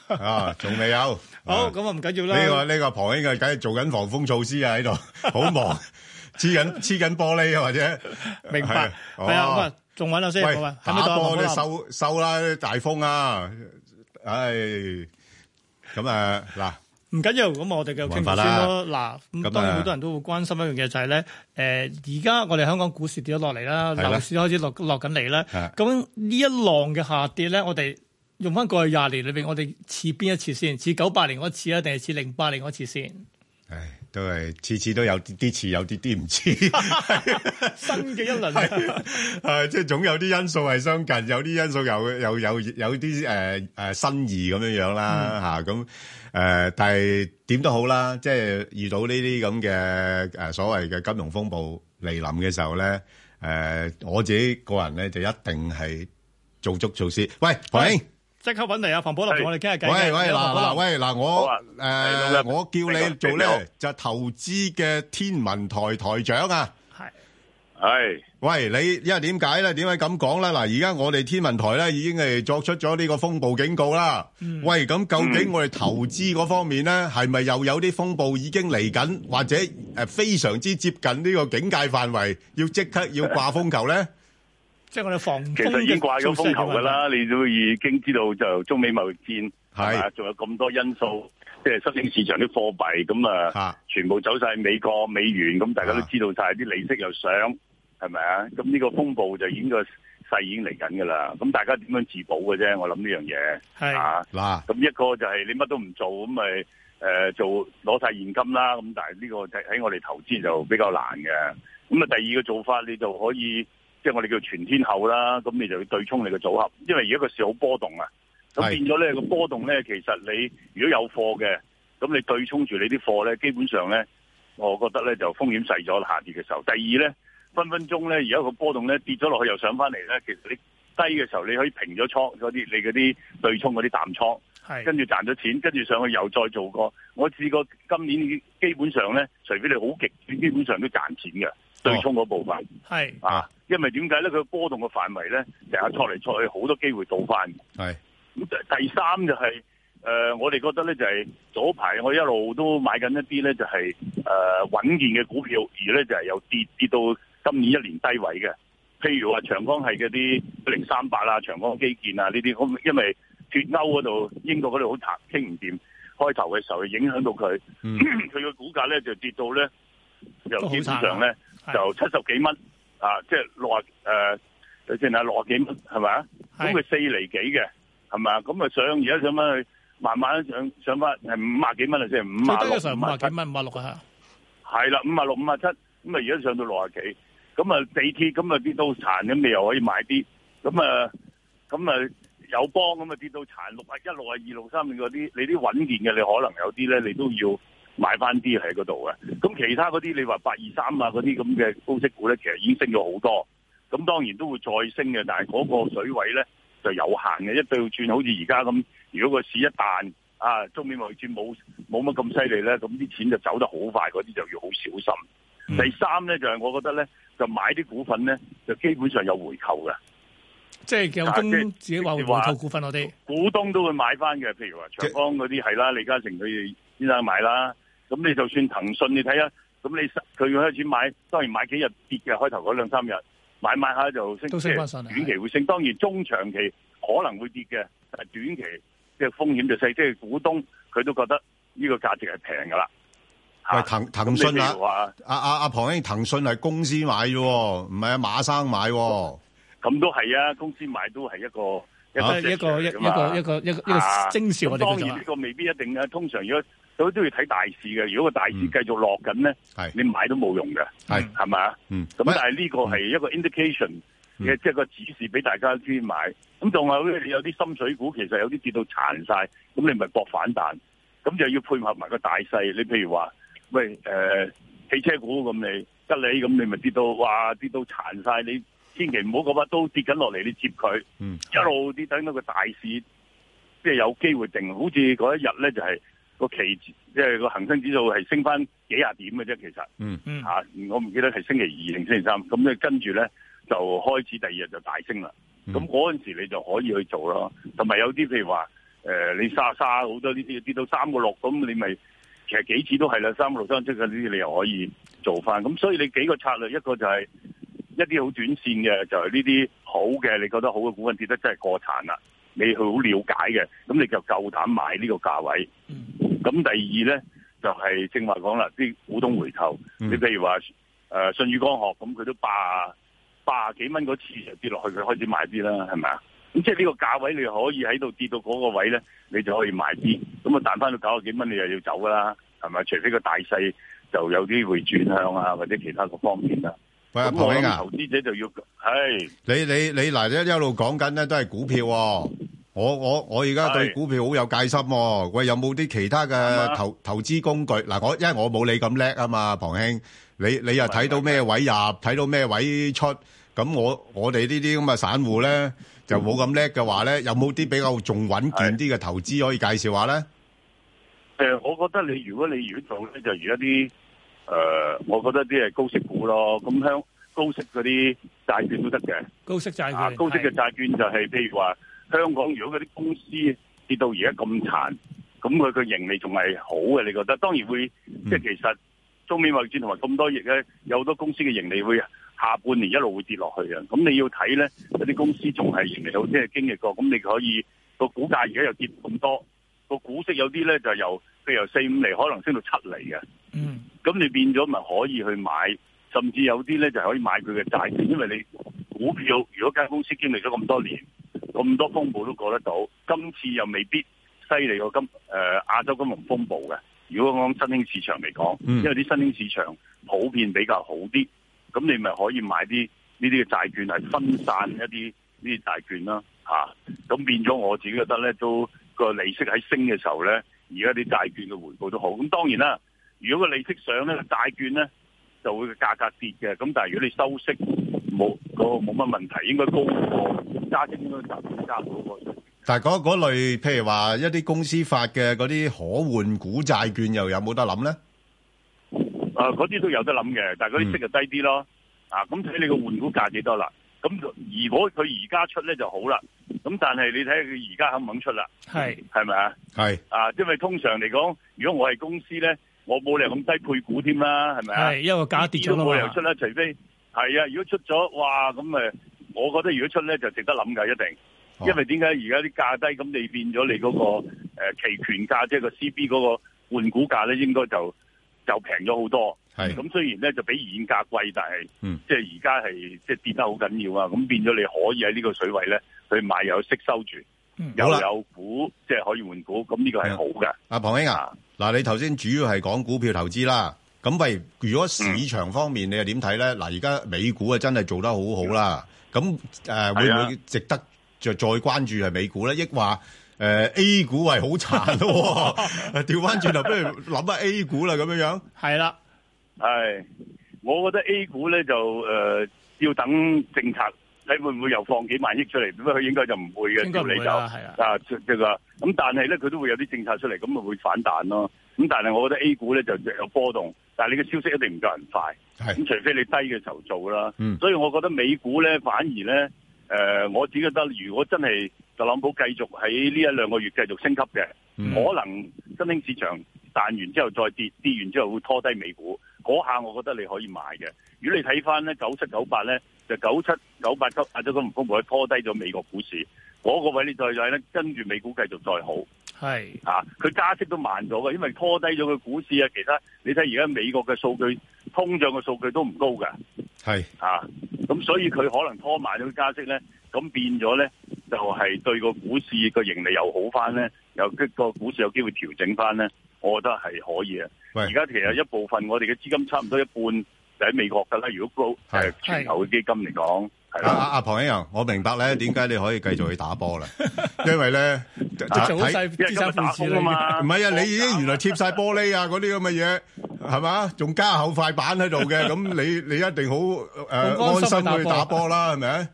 啊，仲未有？好，咁啊，唔緊要啦。呢個呢個鄺兄嘅梗係做緊防風措施啊，喺度好忙，黐緊黐緊玻璃或者。明白，係啊，咁啊，仲揾下先。喂，打波都收收啦，大風啊！唉，咁啊，嗱，唔緊要，咁我哋嘅傾先咯。嗱，咁當然好多人都會關心一樣嘢，就係咧，誒，而家我哋香港股市跌咗落嚟啦，樓市開始落落緊嚟啦。咁呢一浪嘅下跌咧，我哋。用翻過去廿年裏邊，我哋似邊一次先？似九八年嗰次啊，定係似零八年嗰次先？唉，都係次次都有啲啲似，有啲啲唔似。新嘅一輪係，誒即係總有啲因素係相近，有啲因素有有有有啲誒誒新意咁樣樣啦吓。咁誒，但係點都好啦，即係遇到呢啲咁嘅誒所謂嘅金融風暴嚟臨嘅時候咧，誒我自己個人咧就一定係做足措施。喂，何英。即刻搵嚟啊，彭寶立同我哋傾下偈。喂喂，嗱嗱喂，嗱我誒，我叫你做咧就投資嘅天文台台長啊。係係，喂你，因為點解咧？點解咁講咧？嗱，而家我哋天文台咧已經係作出咗呢個風暴警告啦。喂，咁究竟我哋投資嗰方面咧，係咪又有啲風暴已經嚟緊，或者誒非常之接近呢個警戒範圍，要即刻要掛風球咧？即係我哋防，其實已經掛咗風球噶啦，你都已經知道就中美貿易戰係，仲是、啊、有咁多因素，即係失應市場啲貨幣咁、嗯、啊，啊全部走晒美國美元，咁、嗯、大家都知道晒啲利息又上，係咪啊？咁、嗯、呢、這個風暴就已經個勢已經嚟緊噶啦，咁、嗯、大家點樣自保嘅啫？我諗呢樣嘢係啊，咁、嗯啊嗯、一個就係你乜都唔做，咁咪誒做攞晒現金啦。咁、嗯、但係呢個喺我哋投資就比較難嘅。咁啊，第二個做法你就可以。即係我哋叫全天候啦，咁你就要對沖你個組合，因為而家個市好波動啊，咁變咗咧個波動咧，其實你如果有貨嘅，咁你對沖住你啲貨咧，基本上咧，我覺得咧就風險細咗下跌嘅時候。第二咧，分分鐘咧，而家個波動咧跌咗落去又上翻嚟咧，其實你低嘅時候你可以平咗倉嗰啲，你嗰啲對沖嗰啲淡倉，的跟住賺咗錢，跟住上去又再做過。我試過今年基本上咧，除非你好極，基本上都賺錢嘅。對沖嗰部分係啊，因為為，因為點解咧？佢波動嘅範圍咧，成日錯嚟錯去機，好多機會倒翻。係咁第三就係、是、誒、呃，我哋覺得咧就係早排我一路都買緊一啲咧，就係誒穩健嘅股票，而咧就係、是、又跌跌到今年一年低位嘅。譬如話長江系嗰啲零三八啊，長江基建啊呢啲，咁因為脫歐嗰度，英國嗰度好談傾唔掂，開頭嘅時候影響到佢，佢嘅、嗯、股價咧就跌到咧，由市場咧。是就七十幾蚊，啊，即係六啊，誒，是就算係六啊幾蚊，係咪啊？咁佢四厘幾嘅，係咪啊？咁啊上而家上翻去，慢慢上上翻係五啊幾蚊啊先，五啊六。就係五啊六，最低五啊幾蚊，五啊六啊。係啦，五啊六、五啊七，咁啊而家上到六啊幾，咁啊地鐵咁啊跌到殘，咁你又可以買啲，咁啊，咁啊友邦咁啊跌到殘，六啊一、六啊二、六啊三嗰啲，你啲穩健嘅，你可能有啲咧，你都要。嗯買翻啲喺嗰度嘅，咁其他嗰啲你話八二三啊嗰啲咁嘅高息股咧，其實已經升咗好多，咁當然都會再升嘅，但係嗰個水位咧就有限嘅，一定要轉，好似而家咁。如果個市一旦啊，中美貿易戰冇冇乜咁犀利咧，咁啲錢就走得好快，嗰啲就要好小心。嗯、第三咧就係、是、我覺得咧，就買啲股份咧，就基本上有回購嘅，即係股東自己話回購股份，我哋股東都會買翻嘅。譬如話長江嗰啲係啦，李嘉誠佢先生買啦。咁你就算騰訊，你睇下，咁你佢開始買，當然買幾日跌嘅，開頭嗰兩三日，買買下就升，都升，短期會升。當然中長期可能會跌嘅，但係短期即係風險就細，即係股東佢都覺得呢個價值係平噶啦。係騰騰訊啊，阿阿阿鄺兄，騰訊係公司買啫，唔係阿馬生買。咁都係啊，公司買都係一個一個一個一個一個一個徵兆。啊、當然呢個未必一定啊，通常如果。咁都要睇大市嘅，如果個大市繼續落緊咧，係、嗯、你買都冇用嘅，係係咪啊？吧嗯，咁但係呢個係一個 indication 嘅，即係、嗯、個指示俾大家知買。咁仲有你有啲深水股，其實有啲跌到殘晒，咁你咪搏反彈。咁就要配合埋個大勢。你譬如話，喂，誒、呃，汽車股咁你吉利咁，你咪跌到哇跌到殘晒，你千祈唔好嗰把刀跌緊落嚟，你接佢，一路跌等到個大市即係有機會定。好似嗰一日咧就係、是。個期即係個恒生指數係升翻幾廿點嘅啫，其實，嗯嗯吓，我唔記得係星期二定星期三，咁咧跟住咧就開始第二日就大升啦。咁嗰陣時你就可以去做咯，同埋有啲譬如話誒、呃，你沙沙好多呢啲跌到三個六，咁你咪其實幾次都係啦，三個六三七嘅呢啲你又可以做翻。咁所以你幾個策略，一個就係一啲好短線嘅，就係呢啲好嘅你覺得好嘅股份跌得真係過殘啦。你去好了解嘅，咁你就夠膽買呢個價位。咁第二呢，就係、是、正話講啦，啲股東回購，你譬如話誒、呃、舜宇光學，咁佢都八八幾蚊嗰次就跌落去，佢開始賣啲啦，係咪啊？咁即係呢個價位你可以喺度跌到嗰個位呢，你就可以買啲。咁啊彈翻到九十幾蚊，你又要走噶啦，係咪？除非個大勢就有機會轉向啊，或者其他個方面啦、啊。喂，龐那我 兄啊！投資者就要係你你你嗱，你一一路講緊咧都係股票、哦。我我我而家對股票好有戒心、哦。喂，有冇啲其他嘅投嗎投資工具？嗱，我因為我冇你咁叻啊嘛，龐兄。你你又睇到咩位入？睇的到咩位出？咁我我哋呢啲咁嘅散戶咧，就冇咁叻嘅話咧，有冇啲比較仲穩健啲嘅投資可以介紹下咧？誒、呃，我覺得你如果你如果做咧，就如一啲。誒、呃，我覺得啲係高息股咯，咁香高息嗰啲債券都得嘅，高息債券，啊、高息嘅債券就係、是、是的 譬如話香港如果嗰啲公司跌到而家咁殘，咁佢嘅盈利仲係好嘅，你覺得？當然會，嗯、即係其實中美貿易戰同埋咁多而家有好多公司嘅盈利會下半年一路會跌落去啊！咁你要睇咧，嗰啲公司仲係盈利好，即係經歷過，咁你可以、個股價而家又跌咁多，個股息有啲咧就由。譬如四五厘可能升到七厘嘅，咁、嗯、你變咗咪可以去買，甚至有啲咧就可以買佢嘅債券，因為你股票如果間公司經歷咗咁多年，咁多風暴都過得到，今次又未必犀利過金誒亞、呃、洲金融風暴嘅。如果我講新興市場嚟講，嗯、因為啲新興市場普遍比較好啲，咁你咪可以買啲呢啲嘅債券，係分散一啲呢啲債券啦，吓、啊、咁變咗我自己覺得咧，都個利息喺升嘅時候咧。而家啲債券嘅回報都好，咁當然啦。如果個利息上咧，債券咧就會價格跌嘅。咁但係如果你收息冇，嗰個冇乜問題，應該高過加息，應該就加。但係嗰類，譬如話一啲公司發嘅嗰啲可換股債券又有冇得諗咧？誒、呃，嗰啲都有得諗嘅，但嗰啲息就低啲咯。嗯、啊，咁睇你個換股價幾多啦？咁如果佢而家出咧就好啦，咁但係你睇下佢而家肯唔肯出啦？係是，係咪啊？係是，啊，因為通常嚟講，如果我係公司咧，我冇理由咁低配股添啦，係咪啊？係，因為價跌咗，冇理由出啦，除非係啊，如果出咗，哇，咁、嗯、誒，我覺得如果出咧就值得諗噶，一定，因為點解而家啲價低，咁你變咗你嗰、那個誒、呃、期權價，即、就、係、是、個 C B 嗰個換股價咧，應該就。就平咗好多，係咁是雖然咧就比現價貴，但係，嗯、即係而家係即係跌得好緊要啊！咁變咗你可以喺呢個水位咧去買又有息收住，嗯、有有股即係可以換股，咁呢個係好嘅。阿龐兄啊，嗱、啊啊、你頭先主要係講股票投資啦，咁喂，如果市場方面、嗯、你又點睇咧？嗱，而家美股啊真係做得好好啦，咁誒的、呃、會唔會值得就再關注係美股咧？抑或？誒、呃、A 股係好慘咯，調翻轉頭，不如諗下 A 股啦，咁樣樣。係啦，係，我覺得 A 股咧就誒、呃，要等政策，你會唔會又放幾萬億出嚟？咁佢應該就唔會嘅，你就係啊，啊、即、啊、咁、啊啊啊啊啊啊、但係咧，佢都會有啲政策出嚟，咁咪會反彈咯、啊。咁、啊、但係，我覺得 A 股咧就略有波動，但係你嘅消息一定唔夠人快。係、啊，咁的除非你低嘅時候做啦。嗯，所以我覺得美股咧，反而咧。誒、呃，我自己覺得如果真係特朗普繼續喺呢一兩個月繼續升級嘅，嗯、可能新興市場彈完之後再跌，跌完之後會拖低美股。嗰下我覺得你可以買嘅。如果你睇返咧，九七九八咧，就九七九八出阿者哥唔舒服，啊那個、公拖低咗美國股市。嗰、那個位你再睇咧，跟住美股繼續再好。係，是啊佢加息都慢咗嘅，因為拖低咗個股市啊。其實你睇而家美國嘅數據，通脹嘅數據都唔高㗎。係是，啊咁所以佢可能拖慢咗加息咧，咁變咗咧就係、是、對個股市個盈利又好翻咧，又個股市有機會調整翻咧。我覺得係可以啊。而家是其實一部分我哋嘅資金差唔多一半就喺美國噶啦。如果高，係全球嘅基金嚟講。阿龐一洋，我明白咧，點解你可以繼續去打波啦？ 因為咧，就上好曬資深護士啊嘛，唔係啊，你已經原來貼晒玻璃啊嗰啲咁嘅嘢係嘛，仲加厚塊板喺度嘅，咁你你一定好誒、呃、安心去打波啦，係咪球啊？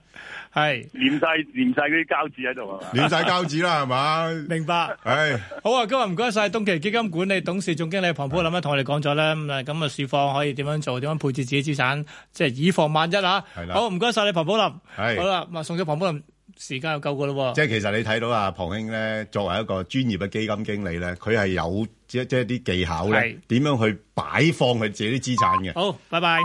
係是黏晒黏晒嗰啲膠紙喺度啊！黏晒膠紙啦，係嘛？ 吧明白。係 好啊！今日唔該晒東驥基金管理董事總經理龐寶林啊，同我哋講咗咧咁啊，咁啊，市況可以點樣做？點樣配置自己資產？即係以防萬一啊！係啦的。好，唔該晒你龐寶林。係的好啦，啊，送咗龐寶林時間又夠噶喎。即係其實你睇到啊，龐兄咧作為一個專業嘅基金經理咧，佢係有即係即係啲技巧咧，點的樣去擺放佢自己啲資產嘅。好，拜拜。